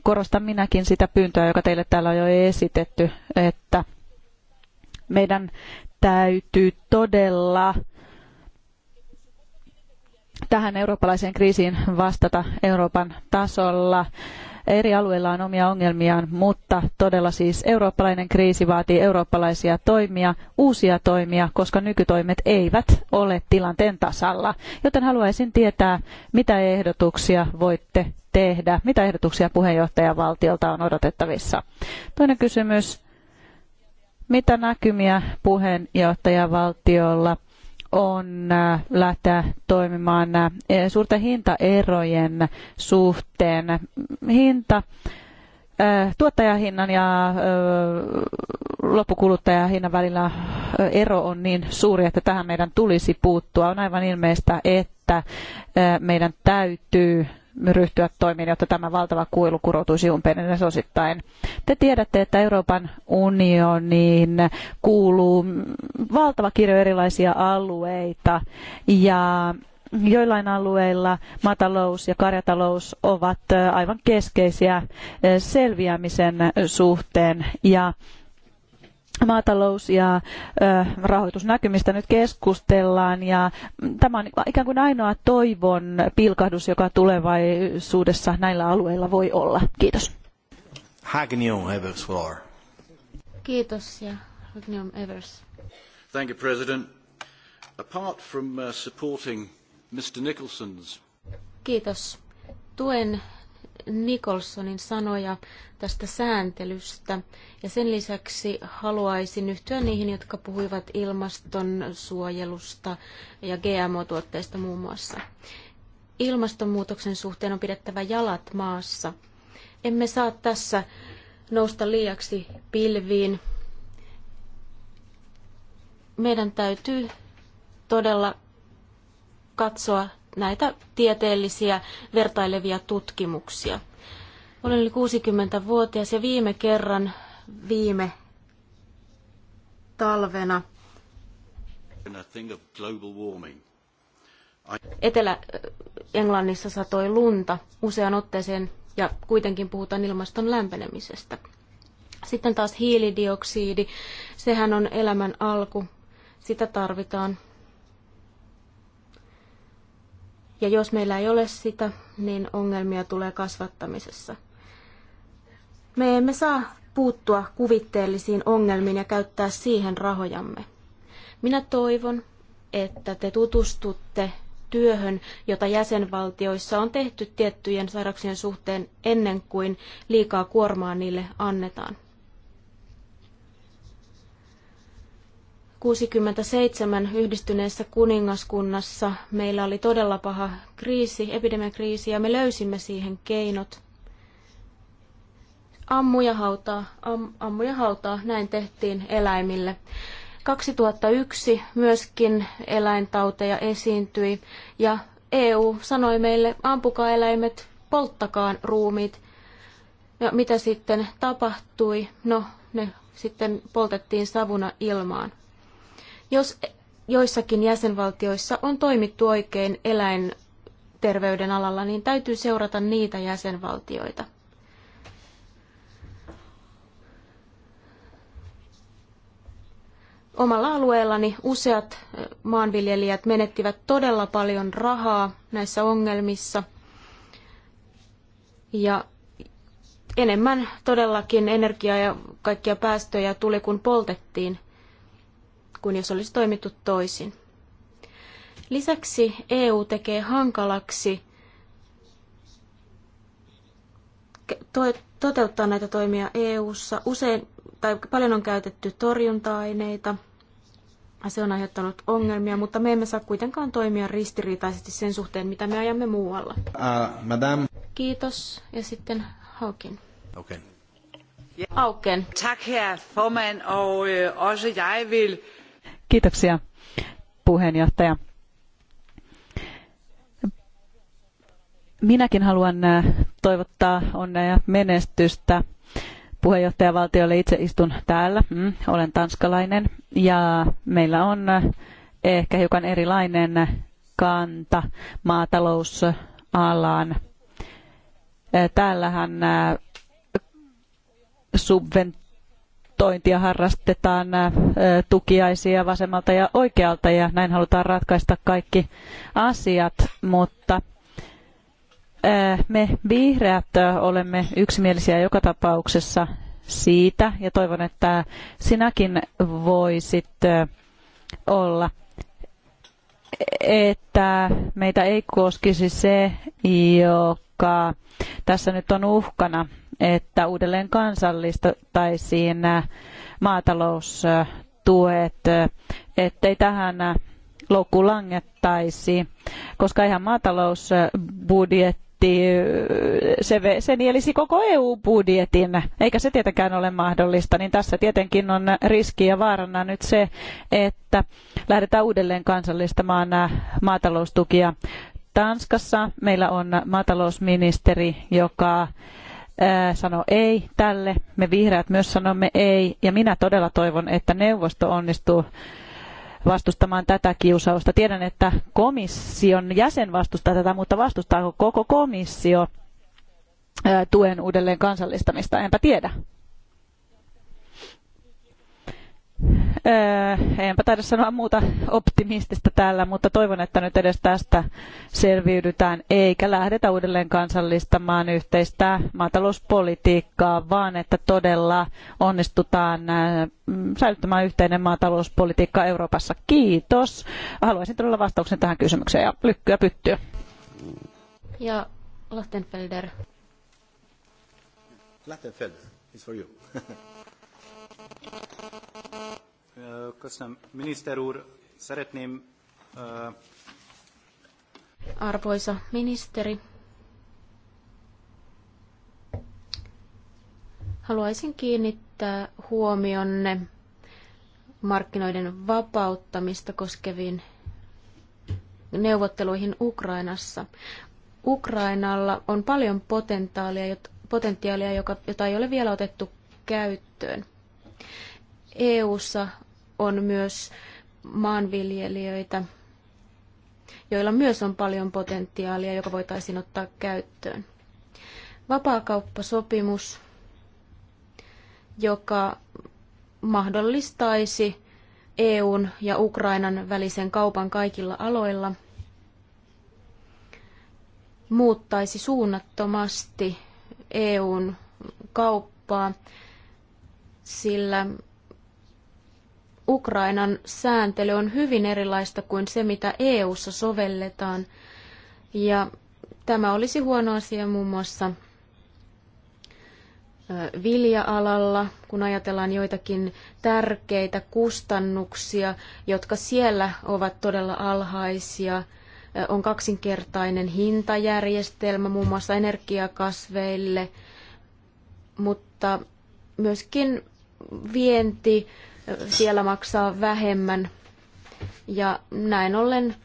korostan minäkin sitä pyyntöä, joka teille täällä on jo esitetty, että meidän täytyy todella tähän eurooppalaiseen kriisiin vastata Euroopan tasolla Eri alueilla on omia ongelmiaan, mutta todella siis eurooppalainen kriisi vaatii eurooppalaisia toimia, uusia toimia, koska nykytoimet eivät ole tilanteen tasalla. Joten haluaisin tietää, mitä ehdotuksia voitte tehdä, mitä ehdotuksia puheenjohtajavaltiolta on odotettavissa. Toinen kysymys. Mitä näkymiä puheenjohtajavaltiolla on äh, lähteä toimimaan äh, e, suurten hintaerojen suhteen. Hinta, äh, tuottajahinnan ja loppukuluttajahinnan välillä ero on niin suuri, että tähän meidän tulisi puuttua. On aivan ilmeistä, että meidän täytyy ryhtyä toimiin, jotta tämä valtava kuilu kuroutuisi umpeen niin edes osittain. Te tiedätte, että Euroopan unioniin kuuluu valtava kirjo erilaisia alueita ja joillain alueilla maatalous ja karjatalous ovat aivan keskeisiä selviämisen suhteen ja maatalous- ja rahoitusnäkymistä nyt keskustellaan ja tämä on ikään kuin ainoa toivon pilkahdus, joka tulevaisuudessa näillä alueilla voi olla. Kiitos. Hagnion Evers floor. Kiitos ja Hagnion Evers. Thank you, President. Apart from uh, supporting Mr. Nicholson's... Kiitos. Tuen Nicholsonin sanoja tästä sääntelystä. Ja sen lisäksi haluaisin yhtyä niihin, jotka puhuivat ilmastonsuojelusta ja GMO-tuotteista muun muassa. Ilmastonmuutoksen suhteen on pidettävä jalat maassa. Emme saa tässä nousta liiaksi pilviin. Meidän täytyy todella katsoa näitä tieteellisiä vertailevia tutkimuksia. Olen yli 60-vuotias ja viime kerran viime talvena Etelä-Englannissa satoi lunta usean otteeseen ja kuitenkin puhutaan ilmaston lämpenemisestä. Sitten taas hiilidioksidi, sehän on elämän alku, sitä tarvitaan Ja jos meillä ei ole sitä, niin ongelmia tulee kasvattamisessa. Me emme saa puuttua kuvitteellisiin ongelmiin ja käyttää siihen rahojamme. Minä toivon, että te tutustutte työhön, jota jäsenvaltioissa on tehty tiettyjen sairauksien suhteen ennen kuin liikaa kuormaa niille annetaan. 67 yhdistyneessä kuningaskunnassa meillä oli todella paha kriisi, epidemiakriisi, ja me löysimme siihen keinot. Ammuja hautaa, am, ammuja hautaa, näin tehtiin eläimille. 2001 myöskin eläintauteja esiintyi, ja EU sanoi meille, ampukaa eläimet, polttakaan ruumit. Ja mitä sitten tapahtui? No, ne sitten poltettiin savuna ilmaan. Jos joissakin jäsenvaltioissa on toimittu oikein eläinterveyden alalla, niin täytyy seurata niitä jäsenvaltioita. Omalla alueellani useat eh, maanviljelijät menettivät todella paljon rahaa näissä ongelmissa ja enemmän todellakin energiaa ja kaikkia päästöjä tuli, kun poltettiin – kuin jos olisi toimittu toisin. Lisäksi EU tekee hankalaksi toteuttaa näitä toimia EU:ssa. Usein tai paljon on käytetty torjunta-aineita. Se on aiheuttanut ongelmia, mutta me emme saa kuitenkaan toimia ristiriitaisesti sen suhteen, mitä me ajamme muualla. Uh, madame. Kiitos. Ja sitten Haukin. Okay. Auken. Tack herr Fomen, og øh, også jeg vil Kiitoksia puheenjohtaja. Minäkin haluan äh, toivottaa onnea ja menestystä puheenjohtajavaltiolle. Itse istun täällä, mm, olen tanskalainen ja meillä on äh, ehkä hiukan erilainen kanta maatalousalaan. Äh, täällähän subventio sabotointia harrastetaan äh, tukiaisia vasemmalta ja oikealta ja näin halutaan ratkaista kaikki asiat, mutta äh, me vihreät olemme yksimielisiä joka tapauksessa siitä ja toivon, että sinäkin voisit äh, olla, että meitä ei koskisi se, joka tässä nyt on uhkana, että uudelleen kansallistettaisiin äh, maataloustuet, äh, ettei tähän äh, loukku langettaisi, koska ihan maatalousbudjetti, se, se nielisi koko EU-budjetin, eikä se tietenkään ole mahdollista, niin tässä tietenkin on riski ja vaarana nyt se, että lähdetään uudelleen kansallistamaan maataloustukia Tanskassa meillä on maatalousministeri, joka sano ei tälle. Me vihreät myös sanomme ei. Ja minä todella toivon, että neuvosto onnistuu vastustamaan tätä kiusausta. Tiedän, että komission jäsen vastustaa tätä, mutta vastustaako koko komissio tuen uudelleen kansallistamista? Enpä tiedä. Öö, enpä taida sanoa muuta optimistista täällä, mutta toivon, että nyt edes tästä selviydytään eikä lähdetä uudelleen kansallistamaan yhteistä maatalouspolitiikkaa, vaan että todella onnistutaan öö, säilyttämään yhteinen maatalouspolitiikka Euroopassa. Kiitos. Haluaisin todella vastauksen tähän kysymykseen ja lykkyä pyttyä. Ja Lattenfelder. Lattenfelder, it's for you. <laughs> Köszönöm. Miniszter úr, szeretném... Arvoisa ministeri, haluaisin kiinnittää huomionne markkinoiden vapauttamista koskeviin neuvotteluihin Ukrainassa. Ukrainalla on paljon potentiaalia, jota ei ole vielä otettu käyttöön. EU:ssa on myös maanviljelijöitä, joilla myös on paljon potentiaalia, joka voitaisiin ottaa käyttöön. Vapaakauppasopimus, joka mahdollistaisi EUn ja Ukrainan välisen kaupan kaikilla aloilla, muuttaisi suunnattomasti EUn kauppaa, sillä Ukrainan sääntely on hyvin erilaista kuin se, mitä EU:ssa sovelletaan. Ja tämä olisi huono asia muun muassa vilja-alalla, kun ajatellaan joitakin tärkeitä kustannuksia, jotka siellä ovat todella alhaisia. On kaksinkertainen hintajärjestelmä muun muassa energiakasveille, mutta myöskin vienti siellä maksaa vähemmän. Ja näin ollen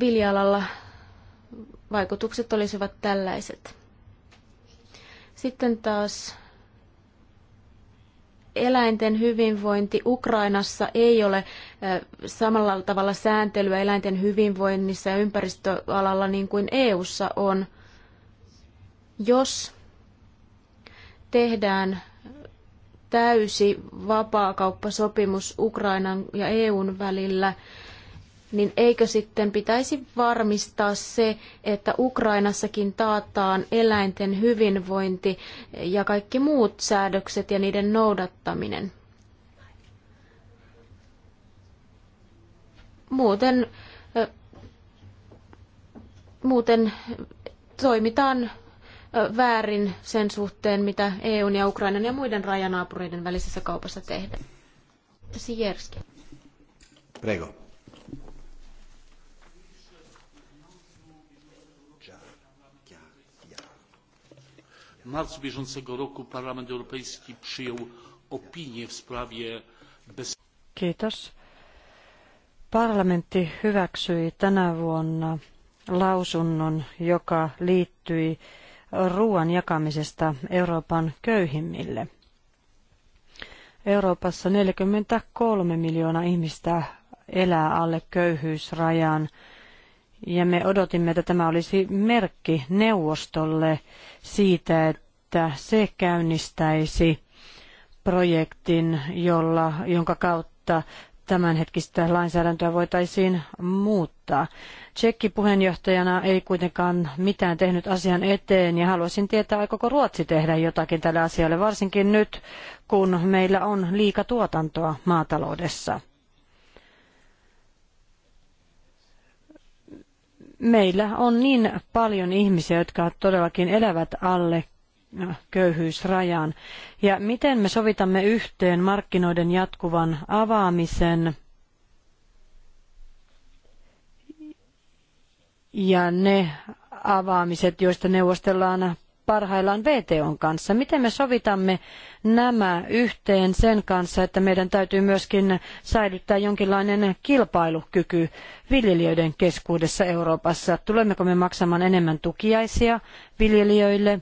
viljalalla vaikutukset olisivat tällaiset. Sitten taas eläinten hyvinvointi Ukrainassa ei ole samalla tavalla sääntelyä eläinten hyvinvoinnissa ja ympäristöalalla niin kuin EU:ssa on. Jos tehdään täysi vapaakauppasopimus Ukrainan ja EUn välillä, niin eikö sitten pitäisi varmistaa se, että Ukrainassakin taataan eläinten hyvinvointi ja kaikki muut säädökset ja niiden noudattaminen? Muuten, muuten toimitaan väärin sen suhteen, mitä EUn ja Ukrainan ja muiden rajanaapureiden välisessä kaupassa tehdään. Sierski. Prego. marcu bieżącego roku Parlament Europejski przyjął opinię w sprawie bez... Kiitos. Parlamentti hyväksyi tänä vuonna lausunnon, joka liittyi ruoan jakamisesta Euroopan köyhimmille. Euroopassa 43 miljoonaa ihmistä elää alle köyhyysrajan ja me odotimme, että tämä olisi merkki neuvostolle siitä, että se käynnistäisi projektin, jolla, jonka kautta tämänhetkistä lainsäädäntöä voitaisiin muuttaa. Tsekki puheenjohtajana ei kuitenkaan mitään tehnyt asian eteen ja haluaisin tietää, aikooko Ruotsi tehdä jotakin tälle asialle, varsinkin nyt, kun meillä on liikatuotantoa maataloudessa. Meillä on niin paljon ihmisiä, jotka todellakin elävät alle köyhyysrajan. Ja miten me sovitamme yhteen markkinoiden jatkuvan avaamisen ja ne avaamiset, joista neuvostellaan parhaillaan VTOn kanssa. Miten me sovitamme nämä yhteen sen kanssa, että meidän täytyy myöskin säilyttää jonkinlainen kilpailukyky viljelijöiden keskuudessa Euroopassa? Tulemmeko me maksamaan enemmän tukiaisia viljelijöille?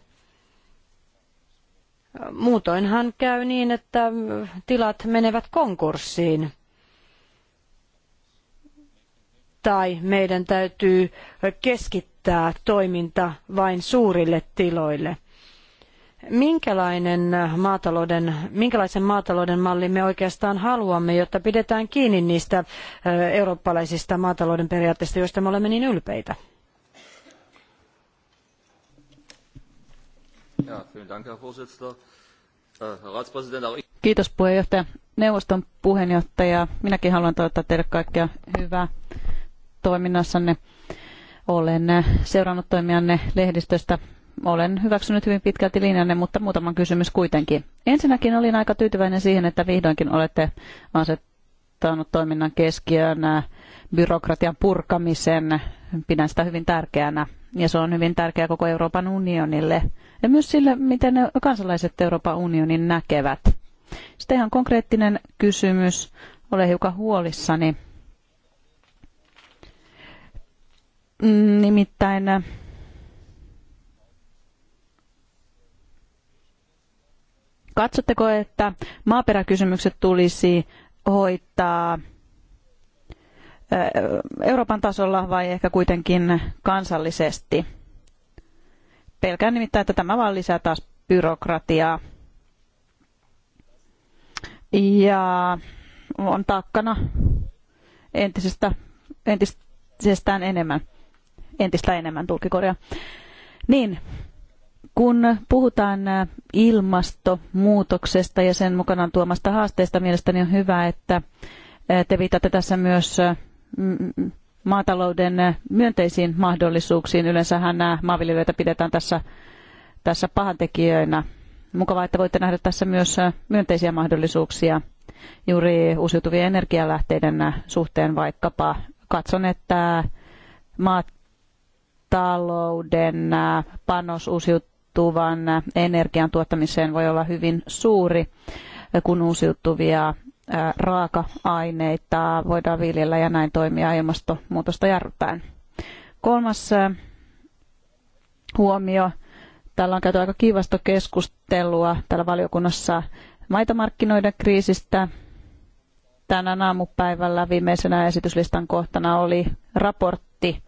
Muutoinhan käy niin, että tilat menevät konkurssiin. Tai meidän täytyy keskittää toiminta vain suurille tiloille. Minkälainen maatalouden, minkälaisen maatalouden mallin me oikeastaan haluamme, jotta pidetään kiinni niistä eurooppalaisista maatalouden periaatteista, joista me olemme niin ylpeitä? Äh, Kiitos puheenjohtaja. Neuvoston puheenjohtaja, minäkin haluan toivottaa teille kaikkea hyvää toiminnassanne. Olen äh, seurannut toimianne lehdistöstä. Olen hyväksynyt hyvin pitkälti linjanne, mutta muutama kysymys kuitenkin. Ensinnäkin olin aika tyytyväinen siihen, että vihdoinkin olette asettanut toiminnan keskiöön äh, byrokratian purkamisen. Pidän sitä hyvin tärkeänä ja se on hyvin tärkeää koko Euroopan unionille ja myös sillä, miten kansalaiset Euroopan unionin näkevät. Sitten ihan konkreettinen kysymys. Olen hiukan huolissani. Nimittäin katsotteko, että maaperäkysymykset tulisi hoitaa eh, Euroopan tasolla vai ehkä kuitenkin kansallisesti? Pelkään nimittäin, että tämä vaan lisää taas byrokratiaa. Ja on takkana entisestä, entisestään enemmän, entistä enemmän tulkikorjaa. Niin, kun puhutaan ilmastonmuutoksesta ja sen mukanaan tuomasta haasteesta, mielestäni on hyvä, että te viitatte tässä myös mm, maatalouden eh, myönteisiin mahdollisuuksiin. Yleensähän nämä eh, maanviljelijöitä pidetään tässä, tässä pahantekijöinä. Mukavaa, että voitte nähdä tässä myös eh, myönteisiä mahdollisuuksia juuri uusiutuvien energialähteiden suhteen vaikkapa. Katson, että maatalouden panos uusiutuvan energian tuottamiseen voi olla hyvin suuri, kun uusiutuvia raaka-aineita voidaan viljellä ja näin toimia ilmastonmuutosta jarruttaen. Kolmas huomio. Täällä on käyty aika kiivasta keskustelua täällä valiokunnassa maitomarkkinoiden kriisistä. Tänään aamupäivällä viimeisenä esityslistan kohtana oli raportti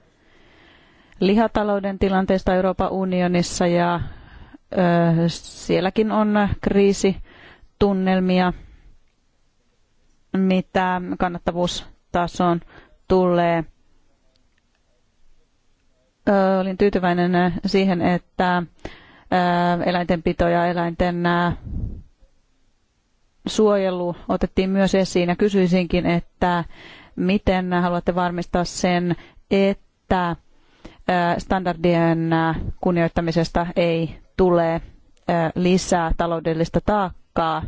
lihatalouden tilanteesta Euroopan unionissa ja ö, sielläkin on kriisitunnelmia mitä kannattavuustasoon tulee. Ö, olin tyytyväinen siihen, että eläintenpito ja eläinten suojelu otettiin myös esiin ja kysyisinkin, että miten haluatte varmistaa sen, että standardien kunnioittamisesta ei tule lisää taloudellista taakkaa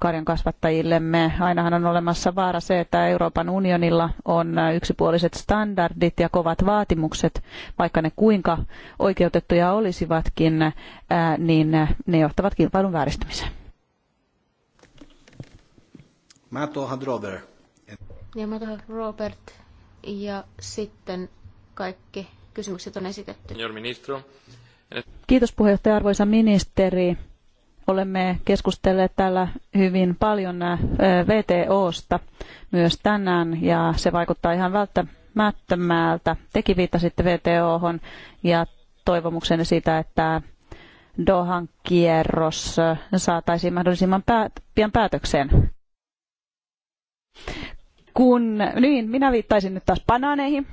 karjankasvattajillemme. Ainahan on olemassa vaara se, että Euroopan unionilla on yksipuoliset standardit ja kovat vaatimukset, vaikka ne kuinka oikeutettuja olisivatkin, niin ne johtavat kilpailun vääristymiseen. Mato Robert. Ja Robert ja sitten kaikki kysymykset on esitetty. Kiitos puheenjohtaja, arvoisa ministeri. Olemme keskustelleet täällä hyvin paljon VTOsta myös tänään ja se vaikuttaa ihan välttämättömältä. Tekin viittasitte VTOhon ja toivomuksenne siitä, että Dohan kierros saataisiin mahdollisimman pian päätökseen. Kun, niin, minä viittaisin nyt taas banaaneihin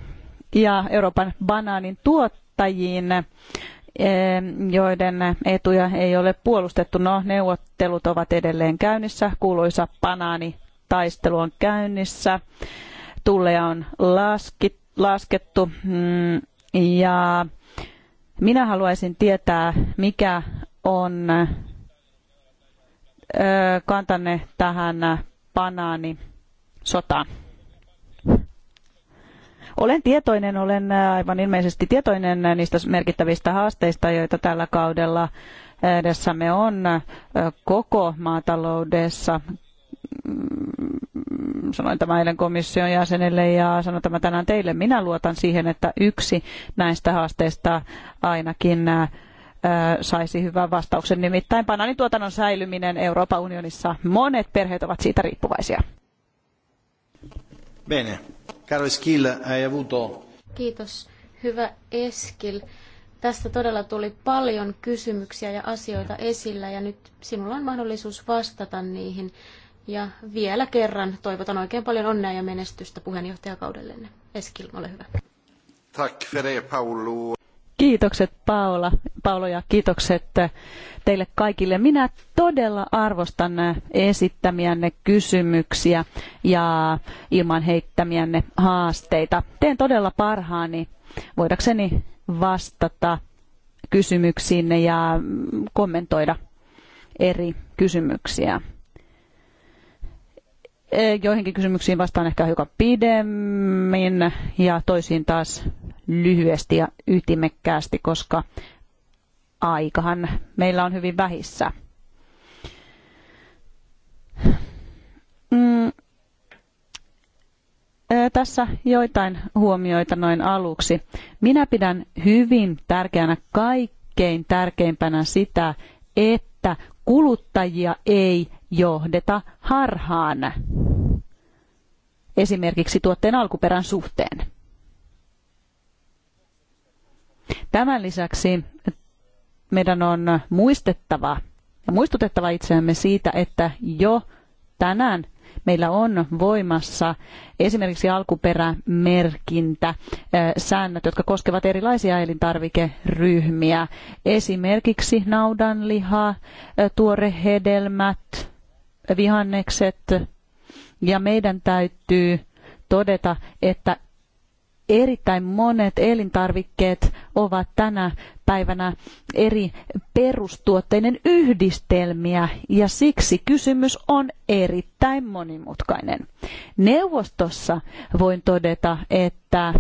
ja Euroopan banaanin tuottajiin, joiden etuja ei ole puolustettu. No, neuvottelut ovat edelleen käynnissä, kuuluisa panaani taistelu on käynnissä, tulleja on laskit, laskettu mm, ja minä haluaisin tietää, mikä on kantanne tähän banaani sotaan. Olen tietoinen, olen äh, aivan ilmeisesti tietoinen niistä merkittävistä haasteista, joita tällä kaudella edessämme on äh, koko maataloudessa. Mm, sanoin tämä eilen komission jäsenelle ja sanon tämä tänään teille. Minä luotan siihen, että yksi näistä haasteista ainakin äh, saisi hyvän vastauksen. Nimittäin banaanituotannon säilyminen Euroopan unionissa. Monet perheet ovat siitä riippuvaisia. Bene. Caro Eskil, hai avuto... Kiitos, hyvä Eskil. Tästä todella tuli paljon kysymyksiä ja asioita esillä ja nyt sinulla on mahdollisuus vastata niihin. Ja vielä kerran toivotan oikein paljon onnea ja menestystä puheenjohtajakaudellenne. Eskil, ole hyvä. Tack för det, Paolo. Kiitokset Paola, Paolo ja kiitokset teille kaikille. Minä todella arvostan esittämiänne kysymyksiä ja ilman heittämiänne haasteita. Teen todella parhaani voidakseni vastata kysymyksiinne ja kommentoida eri kysymyksiä. Joihinkin kysymyksiin vastaan ehkä hiukan pidemmin ja toisiin taas lyhyesti ja ytimekkäästi, koska aikahan meillä on hyvin vähissä. Mm. Tässä joitain huomioita noin aluksi. Minä pidän hyvin tärkeänä kaikkein tärkeimpänä sitä, että kuluttajia ei johdeta harhaan esimerkiksi tuotteen alkuperän suhteen. Tämän lisäksi meidän on muistettava ja muistutettava itseämme siitä, että jo tänään meillä on voimassa esimerkiksi alkuperämerkintä, säännöt, jotka koskevat erilaisia elintarvikeryhmiä, esimerkiksi naudanliha, tuorehedelmät, vihannekset, ja meidän täytyy todeta, että erittäin monet elintarvikkeet ovat tänä päivänä eri perustuotteiden yhdistelmiä ja siksi kysymys on erittäin monimutkainen. Neuvostossa voin todeta, että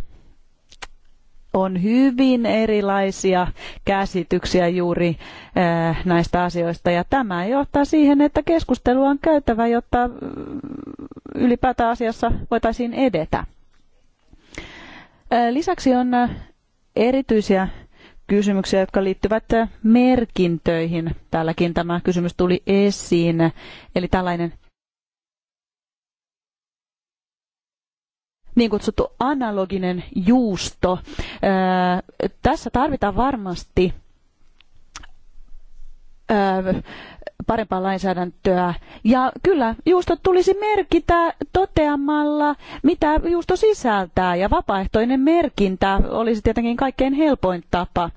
on hyvin erilaisia käsityksiä juuri eh, näistä asioista ja tämä johtaa siihen, että keskustelua on käytävä, jotta mm, ylipäätään asiassa voitaisiin edetä. Lisäksi on erityisiä kysymyksiä, jotka liittyvät merkintöihin. Täälläkin tämä kysymys tuli esiin. Eli tällainen niin kutsuttu analoginen juusto. Tässä tarvitaan varmasti parempaa lainsäädäntöä. Ja kyllä, juustot tulisi merkitä toteamalla, mitä juusto sisältää. Ja vapaaehtoinen merkintä olisi tietenkin kaikkein helpoin tapa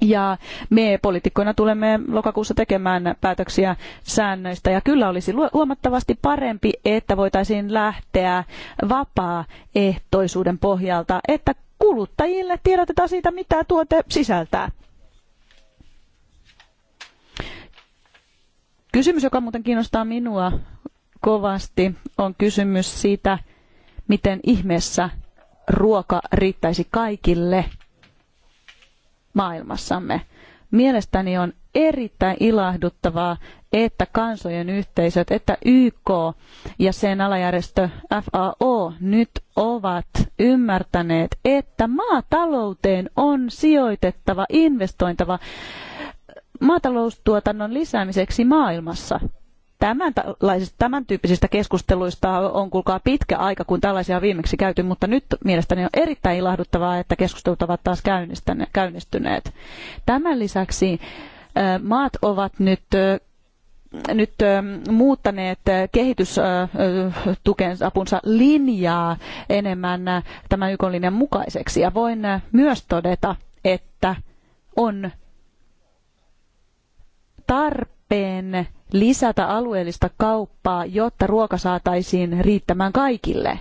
ja me poliitikkoina tulemme lokakuussa tekemään päätöksiä säännöistä ja kyllä olisi huomattavasti parempi, että voitaisiin lähteä vapaaehtoisuuden pohjalta, että kuluttajille tiedotetaan siitä, mitä tuote sisältää. Kysymys, joka muuten kiinnostaa minua kovasti, on kysymys siitä, miten ihmeessä ruoka riittäisi kaikille maailmassamme. Mielestäni on erittäin ilahduttavaa, että kansojen yhteisöt, että YK ja sen alajärjestö FAO nyt ovat ymmärtäneet, että maatalouteen on sijoitettava, investointava maataloustuotannon lisäämiseksi maailmassa. Tämän, tämän tyyppisistä keskusteluista on kuulkaa pitkä aika, kun tällaisia on viimeksi käyty, mutta nyt mielestäni on erittäin ilahduttavaa, että keskustelut ovat taas käynnistyneet. Tämän lisäksi maat ovat nyt nyt muuttaneet kehitysapunsa linjaa enemmän tämän YK linjan mukaiseksi. Ja voin myös todeta, että on tarpeen lisätä alueellista kauppaa, jotta ruoka saataisiin riittämään kaikille.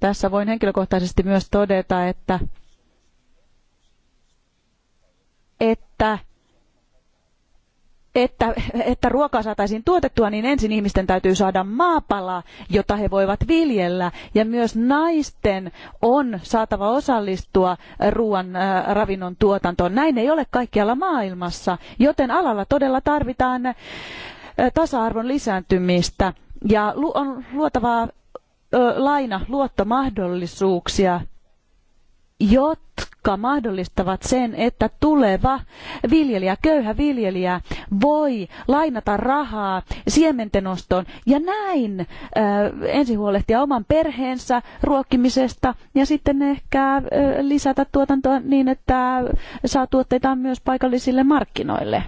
Tässä voin henkilökohtaisesti myös todeta, että, että että, että ruokaa saataisiin tuotettua, niin ensin ihmisten täytyy saada maapala, jota he voivat viljellä. Ja myös naisten on saatava osallistua ruoan äh, ravinnon tuotantoon. Näin ei ole kaikkialla maailmassa, joten alalla todella tarvitaan äh, tasa-arvon lisääntymistä ja lu- on luotava äh, laina, luottomahdollisuuksia, jotta jotka mahdollistavat sen, että tuleva viljelijä, köyhä viljelijä voi lainata rahaa siementenostoon ja näin ö, äh, ensin huolehtia oman perheensä ruokkimisesta ja sitten ehkä ö, äh, lisätä tuotantoa niin, että saa tuotteitaan myös paikallisille markkinoille.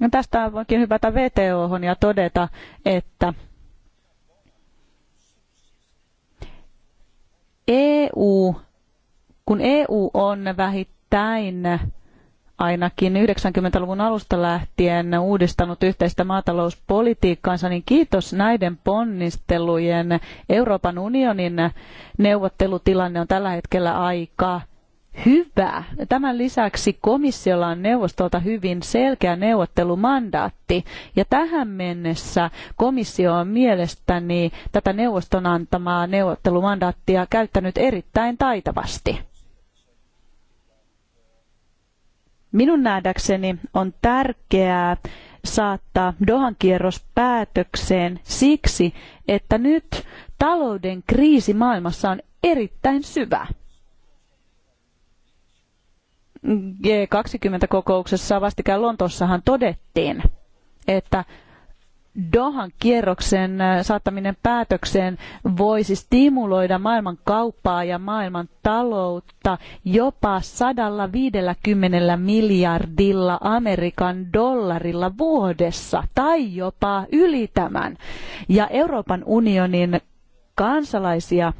No tästä voinkin hypätä VTOhon ja todeta, että EU kun EU on vähittäin ainakin 90-luvun alusta lähtien uudistanut yhteistä maatalouspolitiikkaansa, niin kiitos näiden ponnistelujen Euroopan unionin neuvottelutilanne on tällä hetkellä aika hyvä. Tämän lisäksi komissiolla on neuvostolta hyvin selkeä neuvottelumandaatti. Ja tähän mennessä komissio on mielestäni tätä neuvoston antamaa neuvottelumandaattia käyttänyt erittäin taitavasti. Minun nähdäkseni on tärkeää saattaa Dohan kierros päätökseen siksi, että nyt talouden kriisi maailmassa on erittäin syvä. G20-kokouksessa vastikään Lontossahan todettiin, että Dohan kierroksen äh, saattaminen päätökseen voisi stimuloida maailman kauppaa ja maailman taloutta jopa 150 miljardilla Amerikan dollarilla vuodessa tai jopa yli tämän. Ja Euroopan unionin kansalaisia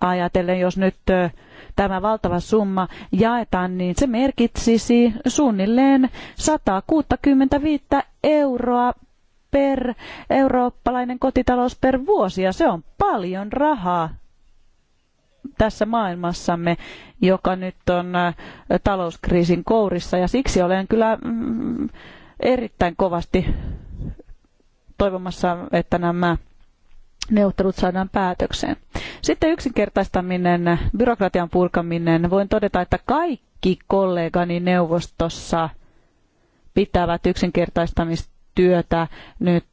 ajatellen, jos nyt äh, tämä valtava summa jaetaan, niin se merkitsisi suunnilleen 165 euroa per eurooppalainen kotitalous per vuosi ja se on paljon rahaa tässä maailmassamme, joka nyt on äh, talouskriisin kourissa ja siksi olen kyllä mm, erittäin kovasti toivomassa, että nämä neuvottelut saadaan päätökseen. Sitten yksinkertaistaminen, byrokratian purkaminen. Voin todeta, että kaikki kollegani neuvostossa pitävät yksinkertaistamista työtä, nyt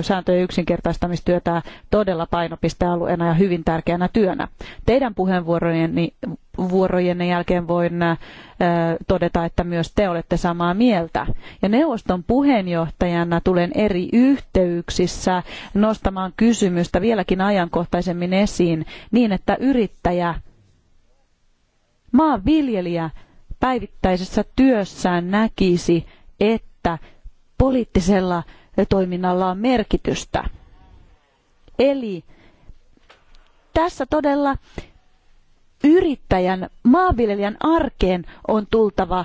sääntöjen yksinkertaistamistyötä todella painopistealueena ja hyvin tärkeänä työnä. Teidän puheenvuorojenne vuorojen jälkeen voin todeta, että myös te olette samaa mieltä. Ja neuvoston puheenjohtajana tulen eri yhteyksissä nostamaan kysymystä vieläkin ajankohtaisemmin esiin niin, että yrittäjä, maanviljelijä päivittäisessä työssään näkisi, että poliittisella toiminnalla on merkitystä. Eli tässä todella yrittäjän, maanviljelijän arkeen on tultava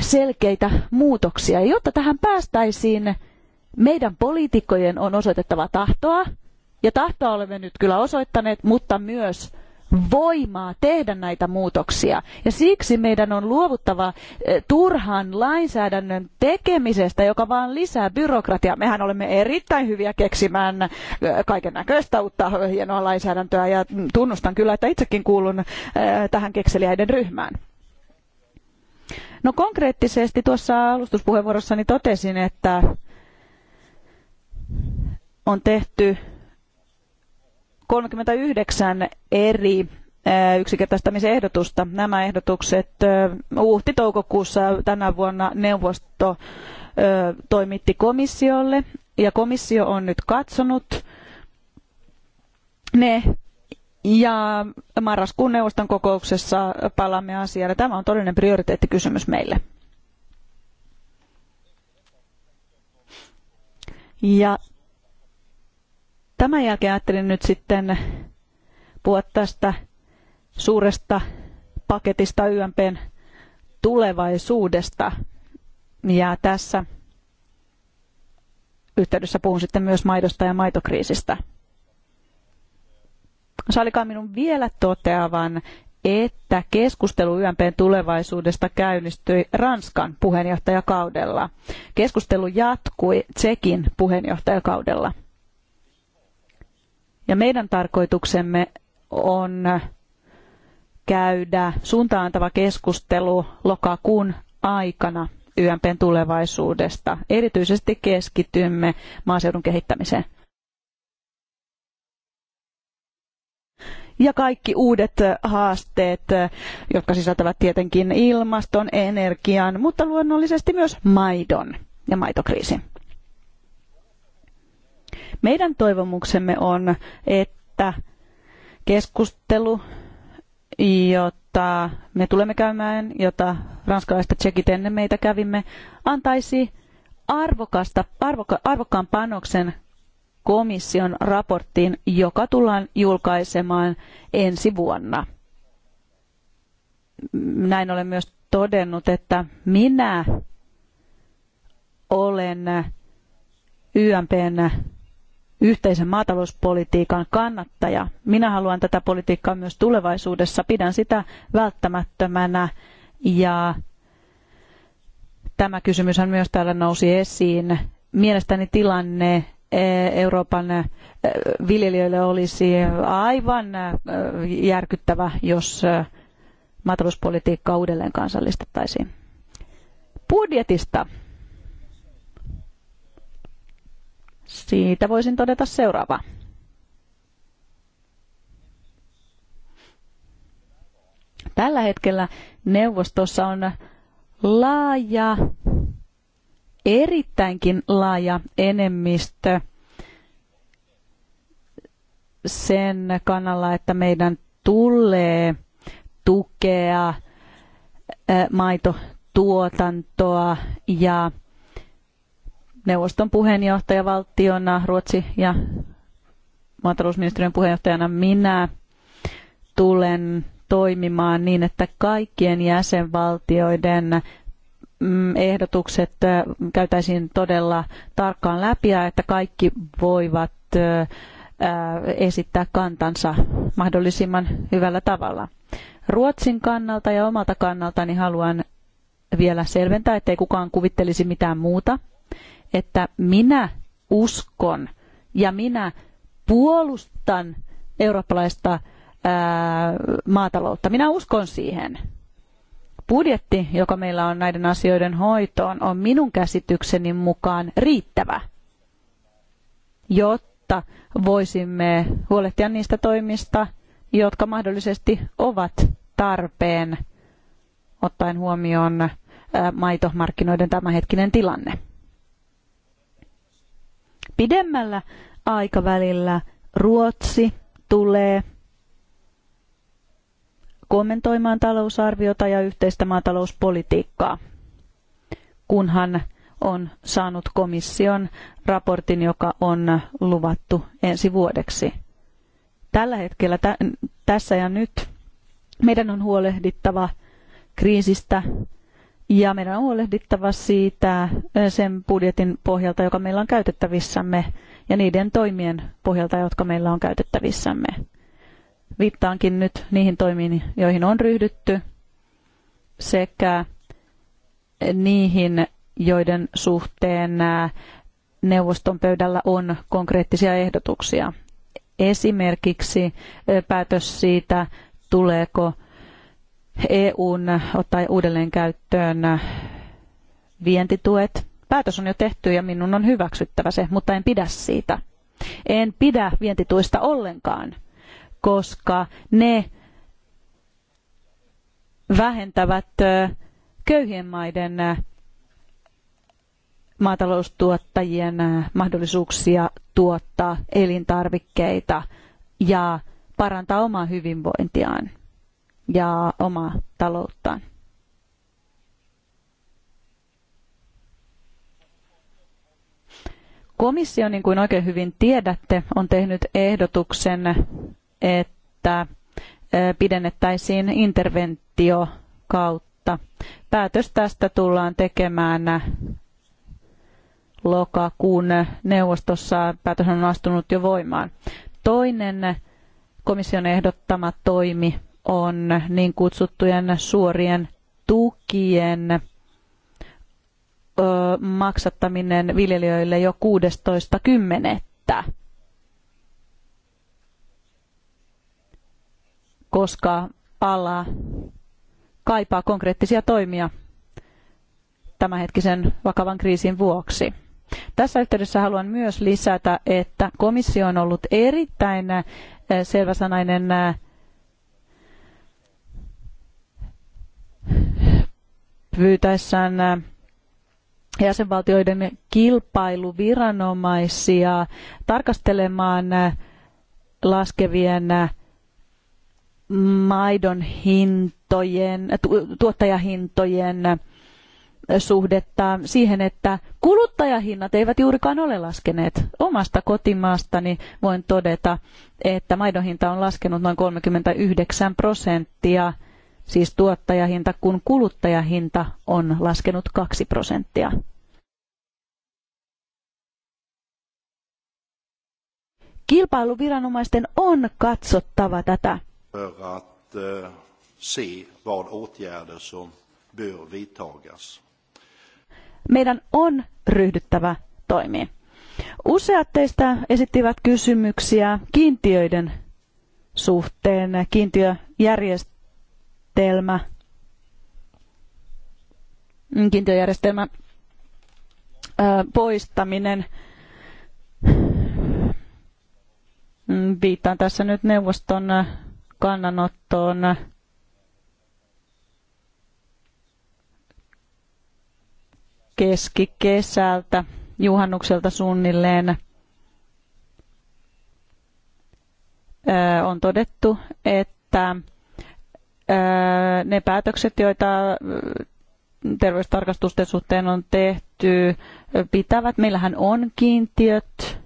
selkeitä muutoksia. Ja jotta tähän päästäisiin, meidän poliitikkojen on osoitettava tahtoa, ja tahtoa olemme nyt kyllä osoittaneet, mutta myös voimaa tehdä näitä muutoksia. Ja siksi meidän on luovuttava eh, turhan lainsäädännön tekemisestä, joka vaan lisää byrokratiaa. Mehän olemme erittäin hyviä keksimään eh, kaiken näköistä uutta hienoa lainsäädäntöä ja tunnustan kyllä, että itsekin kuulun eh, tähän kekseliäiden ryhmään. No konkreettisesti tuossa alustuspuheenvuorossani totesin, että on tehty 39 eri eh, yksinkertaistamisen ehdotusta. Nämä ehdotukset eh, huhti-toukokuussa tänä vuonna neuvosto eh, toimitti komissiolle ja komissio on nyt katsonut ne ja marraskuun neuvoston kokouksessa palaamme asiaan. Tämä on todellinen prioriteettikysymys meille. Ja Tämän jälkeen ajattelin nyt sitten puhua tästä suuresta paketista YMPn tulevaisuudesta. Ja tässä yhteydessä puhun sitten myös maidosta ja maitokriisistä. Sallikaa minun vielä toteavan, että keskustelu YMPn tulevaisuudesta käynnistyi Ranskan puheenjohtajakaudella. Keskustelu jatkui Tsekin puheenjohtajakaudella. Ja meidän tarkoituksemme on käydä suuntaantava keskustelu lokakuun aikana YMPn tulevaisuudesta. Erityisesti keskitymme maaseudun kehittämiseen. ja kaikki uudet haasteet, jotka sisältävät tietenkin ilmaston, energian, mutta luonnollisesti myös maidon ja maitokriisin. Meidän toivomuksemme on, että keskustelu, jota me tulemme käymään, jota ranskalaiset tsekit ennen meitä kävimme, antaisi arvokasta, arvoka, arvokkaan panoksen komission raporttiin, joka tullaan julkaisemaan ensi vuonna. Näin olen myös todennut, että minä olen YMPn yhteisen maatalouspolitiikan kannattaja. Minä haluan tätä politiikkaa myös tulevaisuudessa. Pidän sitä välttämättömänä ja tämä kysymyshän myös täällä nousi esiin. Mielestäni tilanne eh, Euroopan eh, viljelijöille olisi aivan eh, järkyttävä, jos maatalouspolitiikka uudelleen kansallistettaisiin. Budjetista Siitä voisin todeta seuraavaa. Tällä hetkellä neuvostossa on laaja, erittäinkin laaja enemmistö sen kannalla, että meidän tulee tukea maitotuotantoa ja neuvoston puheenjohtajavaltiona, Ruotsi ja maatalousministeriön puheenjohtajana minä tulen toimimaan niin, että kaikkien jäsenvaltioiden mm, ehdotukset käytäisiin todella tarkkaan läpi ja että kaikki voivat esittää kantansa mahdollisimman hyvällä tavalla. Ruotsin kannalta ja omalta kannaltani haluan vielä selventää, ettei kukaan kuvittelisi mitään muuta että minä uskon ja minä puolustan eurooppalaista ää, maataloutta. Minä uskon siihen. Budjetti, joka meillä on näiden asioiden hoitoon, on minun käsitykseni mukaan riittävä, jotta voisimme huolehtia niistä toimista, jotka mahdollisesti ovat tarpeen ottaen huomioon maitomarkkinoiden tämänhetkinen tilanne pidemmällä aikavälillä Ruotsi tulee kommentoimaan talousarviota ja yhteistä maatalouspolitiikkaa, kunhan on saanut komission raportin, joka on luvattu ensi vuodeksi. Tällä hetkellä, tässä ja nyt, meidän on huolehdittava kriisistä, ja meidän on huolehdittava siitä sen budjetin pohjalta, joka meillä on käytettävissämme, ja niiden toimien pohjalta, jotka meillä on käytettävissämme. Viittaankin nyt niihin toimiin, joihin on ryhdytty, sekä niihin, joiden suhteen neuvoston pöydällä on konkreettisia ehdotuksia. Esimerkiksi päätös siitä, tuleeko EUn ottaa uudelleen käyttöön vientituet. Päätös on jo tehty ja minun on hyväksyttävä se, mutta en pidä siitä. En pidä vientituista ollenkaan, koska ne vähentävät köyhien maiden maataloustuottajien mahdollisuuksia tuottaa elintarvikkeita ja parantaa omaa hyvinvointiaan ja omaa talouttaan. Komissio, niin kuin oikein hyvin tiedätte, on tehnyt ehdotuksen, että pidennettäisiin interventio kautta. Päätös tästä tullaan tekemään lokakuun neuvostossa. Päätös on astunut jo voimaan. Toinen komission ehdottama toimi on niin kutsuttujen suorien tukien maksattaminen viljelijöille jo 16.10. koska ala kaipaa konkreettisia toimia tämänhetkisen vakavan kriisin vuoksi. Tässä yhteydessä haluan myös lisätä, että komissio on ollut erittäin selväsanainen pyytäessään äh, jäsenvaltioiden kilpailuviranomaisia tarkastelemaan äh, laskevien äh, maidon hintojen, tuottajahintojen suhdetta siihen, että kuluttajahinnat eivät juurikaan ole laskeneet. Omasta kotimaastani voin todeta, että maidon hinta on laskenut noin 39 prosenttia – siis tuottajahinta, kun kuluttajahinta on laskenut 2 prosenttia. Kilpailuviranomaisten on katsottava tätä. Eh, se vad åtgärder som bör vidtagas. Meidän on ryhdyttävä toimiin. Useat teistä esittivät kysymyksiä kiintiöiden suhteen, kiintiöjärjestelmään järjestelmä, kiintiöjärjestelmä poistaminen. Mm, viittaan tässä nyt neuvoston kannanottoon keskikesältä, juhannukselta suunnilleen. On todettu, että ne päätökset, joita terveystarkastusten suhteen on tehty, pitävät. Meillähän on kiintiöt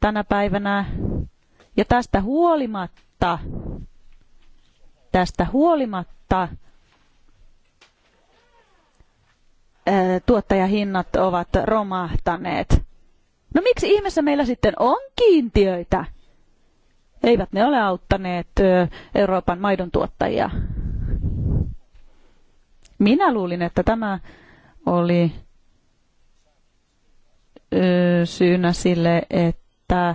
tänä päivänä. Ja tästä huolimatta, tästä huolimatta tuottajahinnat ovat romahtaneet. No miksi ihmeessä meillä sitten on kiintiöitä? Eivät ne ole auttaneet Euroopan maidon tuottajia. Minä luulin, että tämä oli syynä sille, että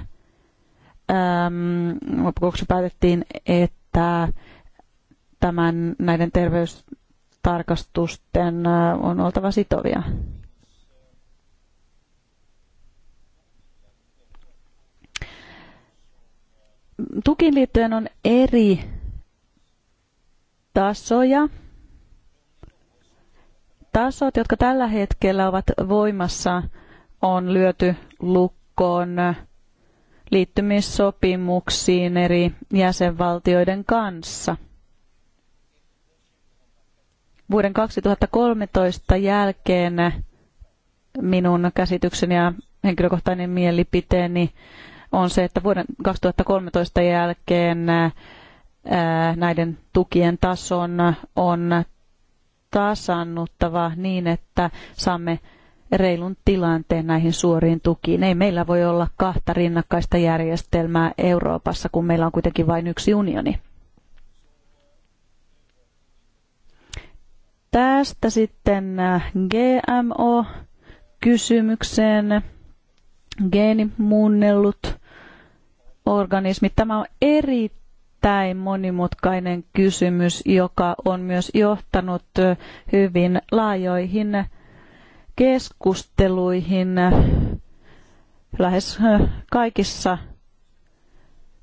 lopuksi päätettiin, että tämän, näiden terveystarkastusten on oltava sitovia. tukiin liittyen on eri tasoja, tasot, jotka tällä hetkellä ovat voimassa, on lyöty lukkoon liittymissopimuksiin eri jäsenvaltioiden kanssa. Vuoden 2013 jälkeen minun käsitykseni ja henkilökohtainen mielipiteeni on se, että vuoden 2013 jälkeen näiden tukien tason on tasannuttava niin, että saamme reilun tilanteen näihin suoriin tukiin. Ei meillä voi olla kahta rinnakkaista järjestelmää Euroopassa, kun meillä on kuitenkin vain yksi unioni. Tästä sitten GMO-kysymykseen. Geenimuunnellut organismit. Tämä on erittäin monimutkainen kysymys, joka on myös johtanut hyvin laajoihin keskusteluihin lähes kaikissa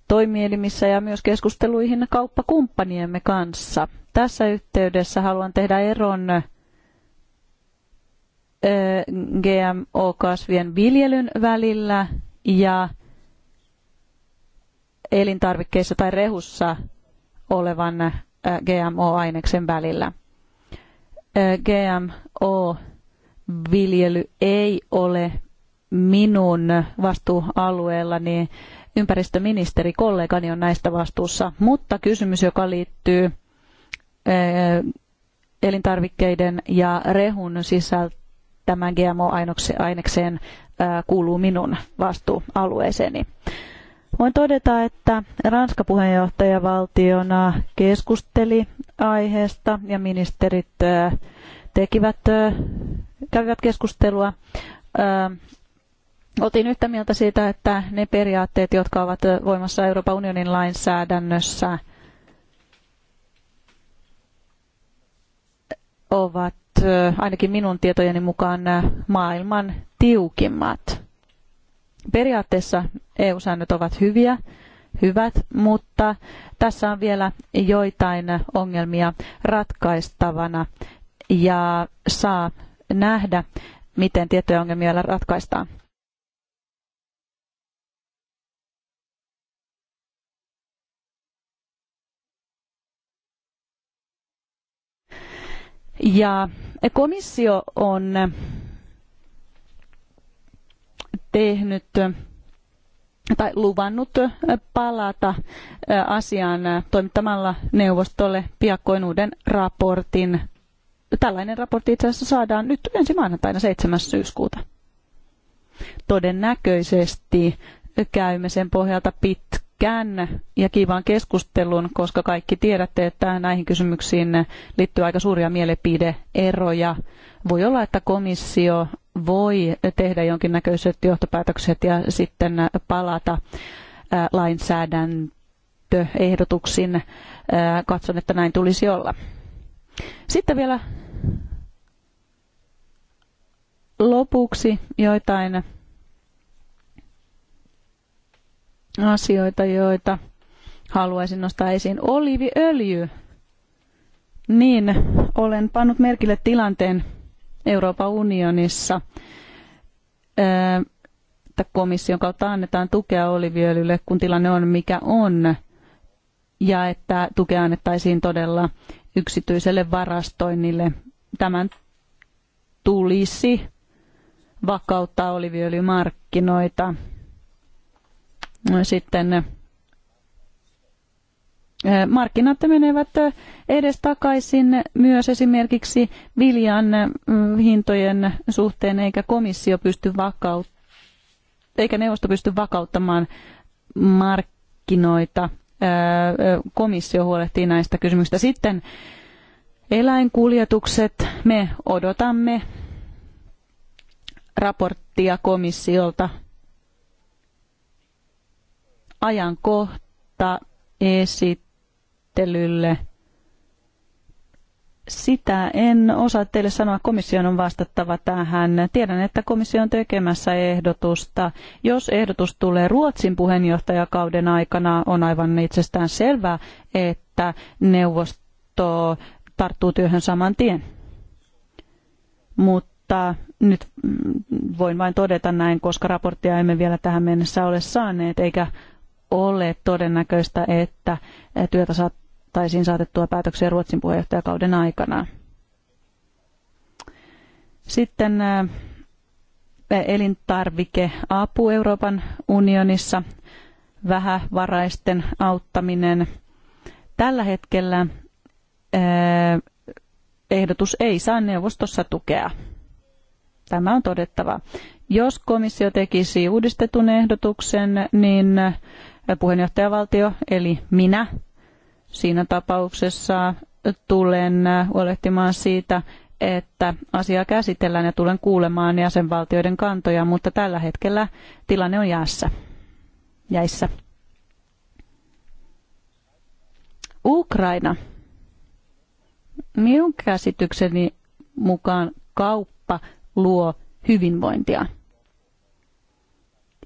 toimielimissä ja myös keskusteluihin kauppakumppaniemme kanssa. Tässä yhteydessä haluan tehdä eron eh, GMO-kasvien viljelyn välillä ja elintarvikkeissa tai rehussa olevan äh, GMO-aineksen välillä. Äh, GMO-viljely ei ole minun vastuualueellani. Ympäristöministeri kollegani on näistä vastuussa, mutta kysymys, joka liittyy äh, elintarvikkeiden ja rehun sisältämän GMO-ainekseen kuuluu minun vastuualueeseeni. Voin todeta, että Ranska puheenjohtajavaltiona keskusteli aiheesta ja ministerit tekivät, kävivät keskustelua. Oltiin yhtä mieltä siitä, että ne periaatteet, jotka ovat voimassa Euroopan unionin lainsäädännössä, ovat ainakin minun tietojeni mukaan maailman tiukimmat. Periaatteessa EU-säännöt ovat hyviä, hyvät, mutta tässä on vielä joitain ongelmia ratkaistavana ja saa nähdä, miten tiettyjä ongelmia vielä ratkaistaan. Ja komissio on tehnyt tai luvannut palata asiaan toimittamalla neuvostolle piakkoin uuden raportin. Tällainen raportti itse asiassa saadaan nyt ensi maanantaina 7. syyskuuta. Todennäköisesti käymme sen pohjalta pitkän ja kivan keskustelun, koska kaikki tiedätte, että näihin kysymyksiin liittyy aika suuria mielipideeroja. Voi olla, että komissio voi tehdä jonkinnäköiset johtopäätökset ja sitten palata lainsäädäntöehdotuksiin. Katson, että näin tulisi olla. Sitten vielä lopuksi joitain asioita, joita haluaisin nostaa esiin. Oliiviöljy. Niin, olen pannut merkille tilanteen, Euroopan unionissa että komission kautta annetaan tukea oliviöljylle, kun tilanne on mikä on, ja että tukea annettaisiin todella yksityiselle varastoinnille. Tämän tulisi vakauttaa oliviöljymarkkinoita. Sitten Markkinat menevät edestakaisin myös esimerkiksi viljan mm, hintojen suhteen, eikä komissio pysty vakaut- eikä neuvosto pysty vakauttamaan markkinoita. Komissio huolehtii näistä kysymyksistä. Sitten eläinkuljetukset. Me odotamme raporttia komissiolta ajankohta esit käsittelylle. Sitä en osaa teille sanoa, komission on vastattava tähän. Tiedän, että komissio on tekemässä ehdotusta. Jos ehdotus tulee Ruotsin puheenjohtajakauden aikana, on aivan itsestään selvää, että neuvosto tarttuu työhön saman tien. Mutta nyt mm, voin vain todeta näin, koska raporttia emme vielä tähän mennessä ole saaneet, eikä ole todennäköistä, että työtä saataisiin saatettua päätökseen Ruotsin puheenjohtajakauden aikana. Sitten elintarvikeapu Euroopan unionissa, vähävaraisten auttaminen. Tällä hetkellä ehdotus ei saa neuvostossa tukea. Tämä on todettava. Jos komissio tekisi uudistetun ehdotuksen, niin puheenjohtajavaltio eli minä Siinä tapauksessa tulen huolehtimaan siitä, että asiaa käsitellään ja tulen kuulemaan jäsenvaltioiden kantoja, mutta tällä hetkellä tilanne on jäässä. jäissä. Ukraina. Minun käsitykseni mukaan kauppa luo hyvinvointia.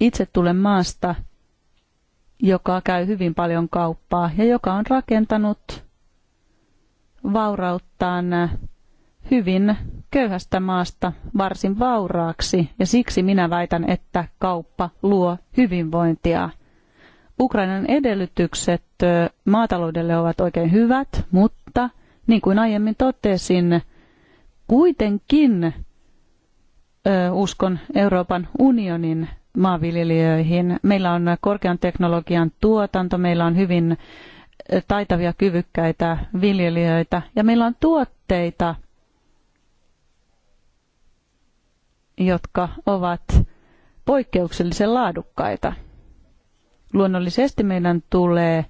Itse tulen maasta, joka käy hyvin paljon kauppaa ja joka on rakentanut vaurauttaan hyvin köyhästä maasta varsin vauraaksi ja siksi minä väitän, että kauppa luo hyvinvointia. Ukrainan edellytykset maataloudelle ovat oikein hyvät, mutta niin kuin aiemmin totesin, kuitenkin uskon Euroopan unionin maanviljelijöihin. Meillä on korkean teknologian tuotanto, meillä on hyvin taitavia, kyvykkäitä viljelijöitä ja meillä on tuotteita, jotka ovat poikkeuksellisen laadukkaita. Luonnollisesti meidän tulee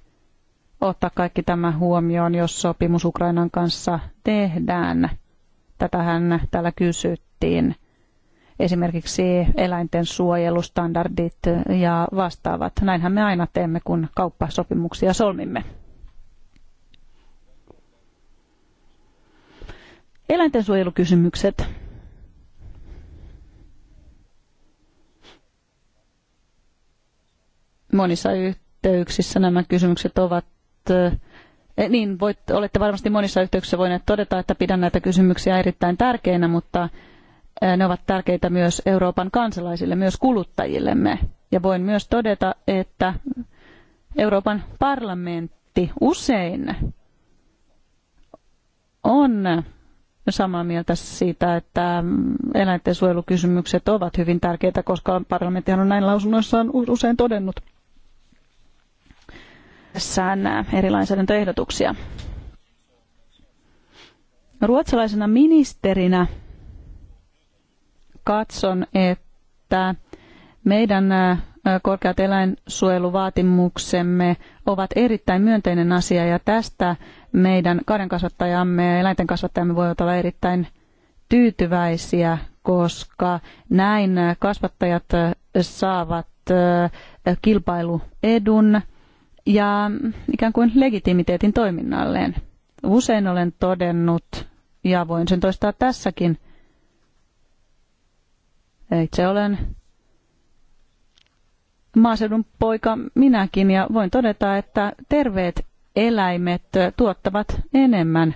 ottaa kaikki tämä huomioon, jos sopimus Ukrainan kanssa tehdään. Tätähän täällä kysyttiin esimerkiksi eläinten suojelustandardit ja vastaavat. Näinhän me aina teemme, kun kauppasopimuksia solmimme. Eläintensuojelukysymykset. Monissa yhteyksissä nämä kysymykset ovat eh, niin voit, olette varmasti monissa yhteyksissä voineet todeta, että pidän näitä kysymyksiä erittäin tärkeinä, mutta ne ovat tärkeitä myös Euroopan kansalaisille, myös kuluttajillemme. Ja voin myös todeta, että Euroopan parlamentti usein on samaa mieltä siitä, että eläinten suojelukysymykset ovat hyvin tärkeitä, koska parlamenttihan on näin lausunnoissaan usein todennut säännää eri lainsäädäntöehdotuksia. Ruotsalaisena ministerinä katson, että meidän korkeat eläinsuojeluvaatimuksemme ovat erittäin myönteinen asia ja tästä meidän karjankasvattajamme ja eläinten kasvattajamme voivat olla erittäin tyytyväisiä, koska näin kasvattajat saavat kilpailuedun ja ikään kuin legitimiteetin toiminnalleen. Usein olen todennut, ja voin sen toistaa tässäkin, itse olen maaseudun poika minäkin ja voin todeta, että terveet eläimet tuottavat enemmän.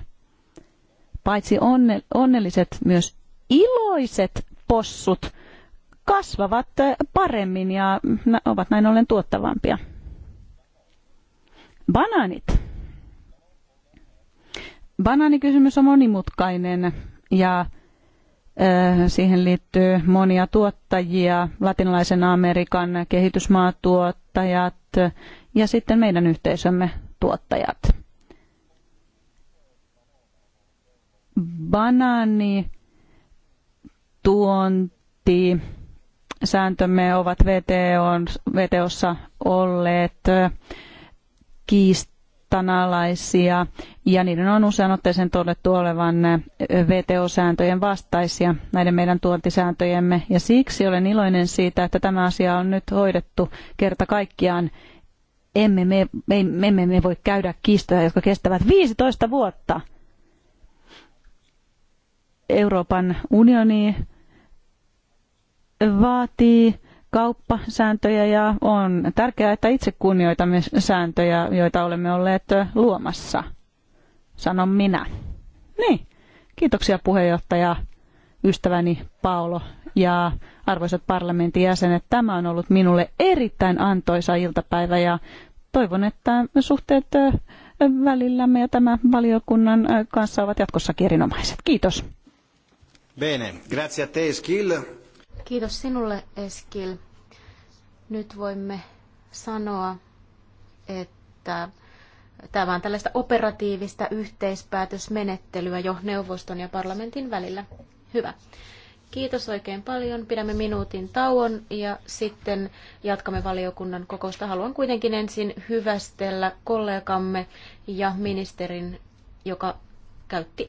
Paitsi onne, onnelliset, myös iloiset possut kasvavat paremmin ja ovat näin ollen tuottavampia. Banaanit. Banaanikysymys on monimutkainen ja Äh, siihen liittyy monia tuottajia, latinalaisen Amerikan kehitysmaatuottajat ja sitten meidän yhteisömme tuottajat. Banaani tuonti sääntömme ovat VTOssa olleet kiist kiistanalaisia ja niiden on usean otteeseen todettu olevan VTO-sääntöjen vastaisia näiden meidän tuontisääntöjemme ja siksi olen iloinen siitä, että tämä asia on nyt hoidettu kerta kaikkiaan emme me, me, emme me voi käydä kiistoja, jotka kestävät 15 vuotta. Euroopan unioni vaatii kauppasääntöjä ja on tärkeää, että itse kunnioitamme sääntöjä, joita olemme olleet luomassa. Sanon minä. Niin, kiitoksia puheenjohtaja ystäväni Paolo ja arvoisat parlamentin jäsenet. Tämä on ollut minulle erittäin antoisa iltapäivä ja toivon, että suhteet välillämme ja tämä valiokunnan kanssa ovat jatkossakin erinomaiset. Kiitos. Bene, grazie a te Eskil. Kiitos sinulle Eskil. Nyt voimme sanoa, että tämä on tällaista operatiivista yhteispäätösmenettelyä jo neuvoston ja parlamentin välillä. Hyvä. Kiitos oikein paljon. Pidämme minuutin tauon ja sitten jatkamme valiokunnan kokousta. Haluan kuitenkin ensin hyvästellä kollegamme ja ministerin, joka käytti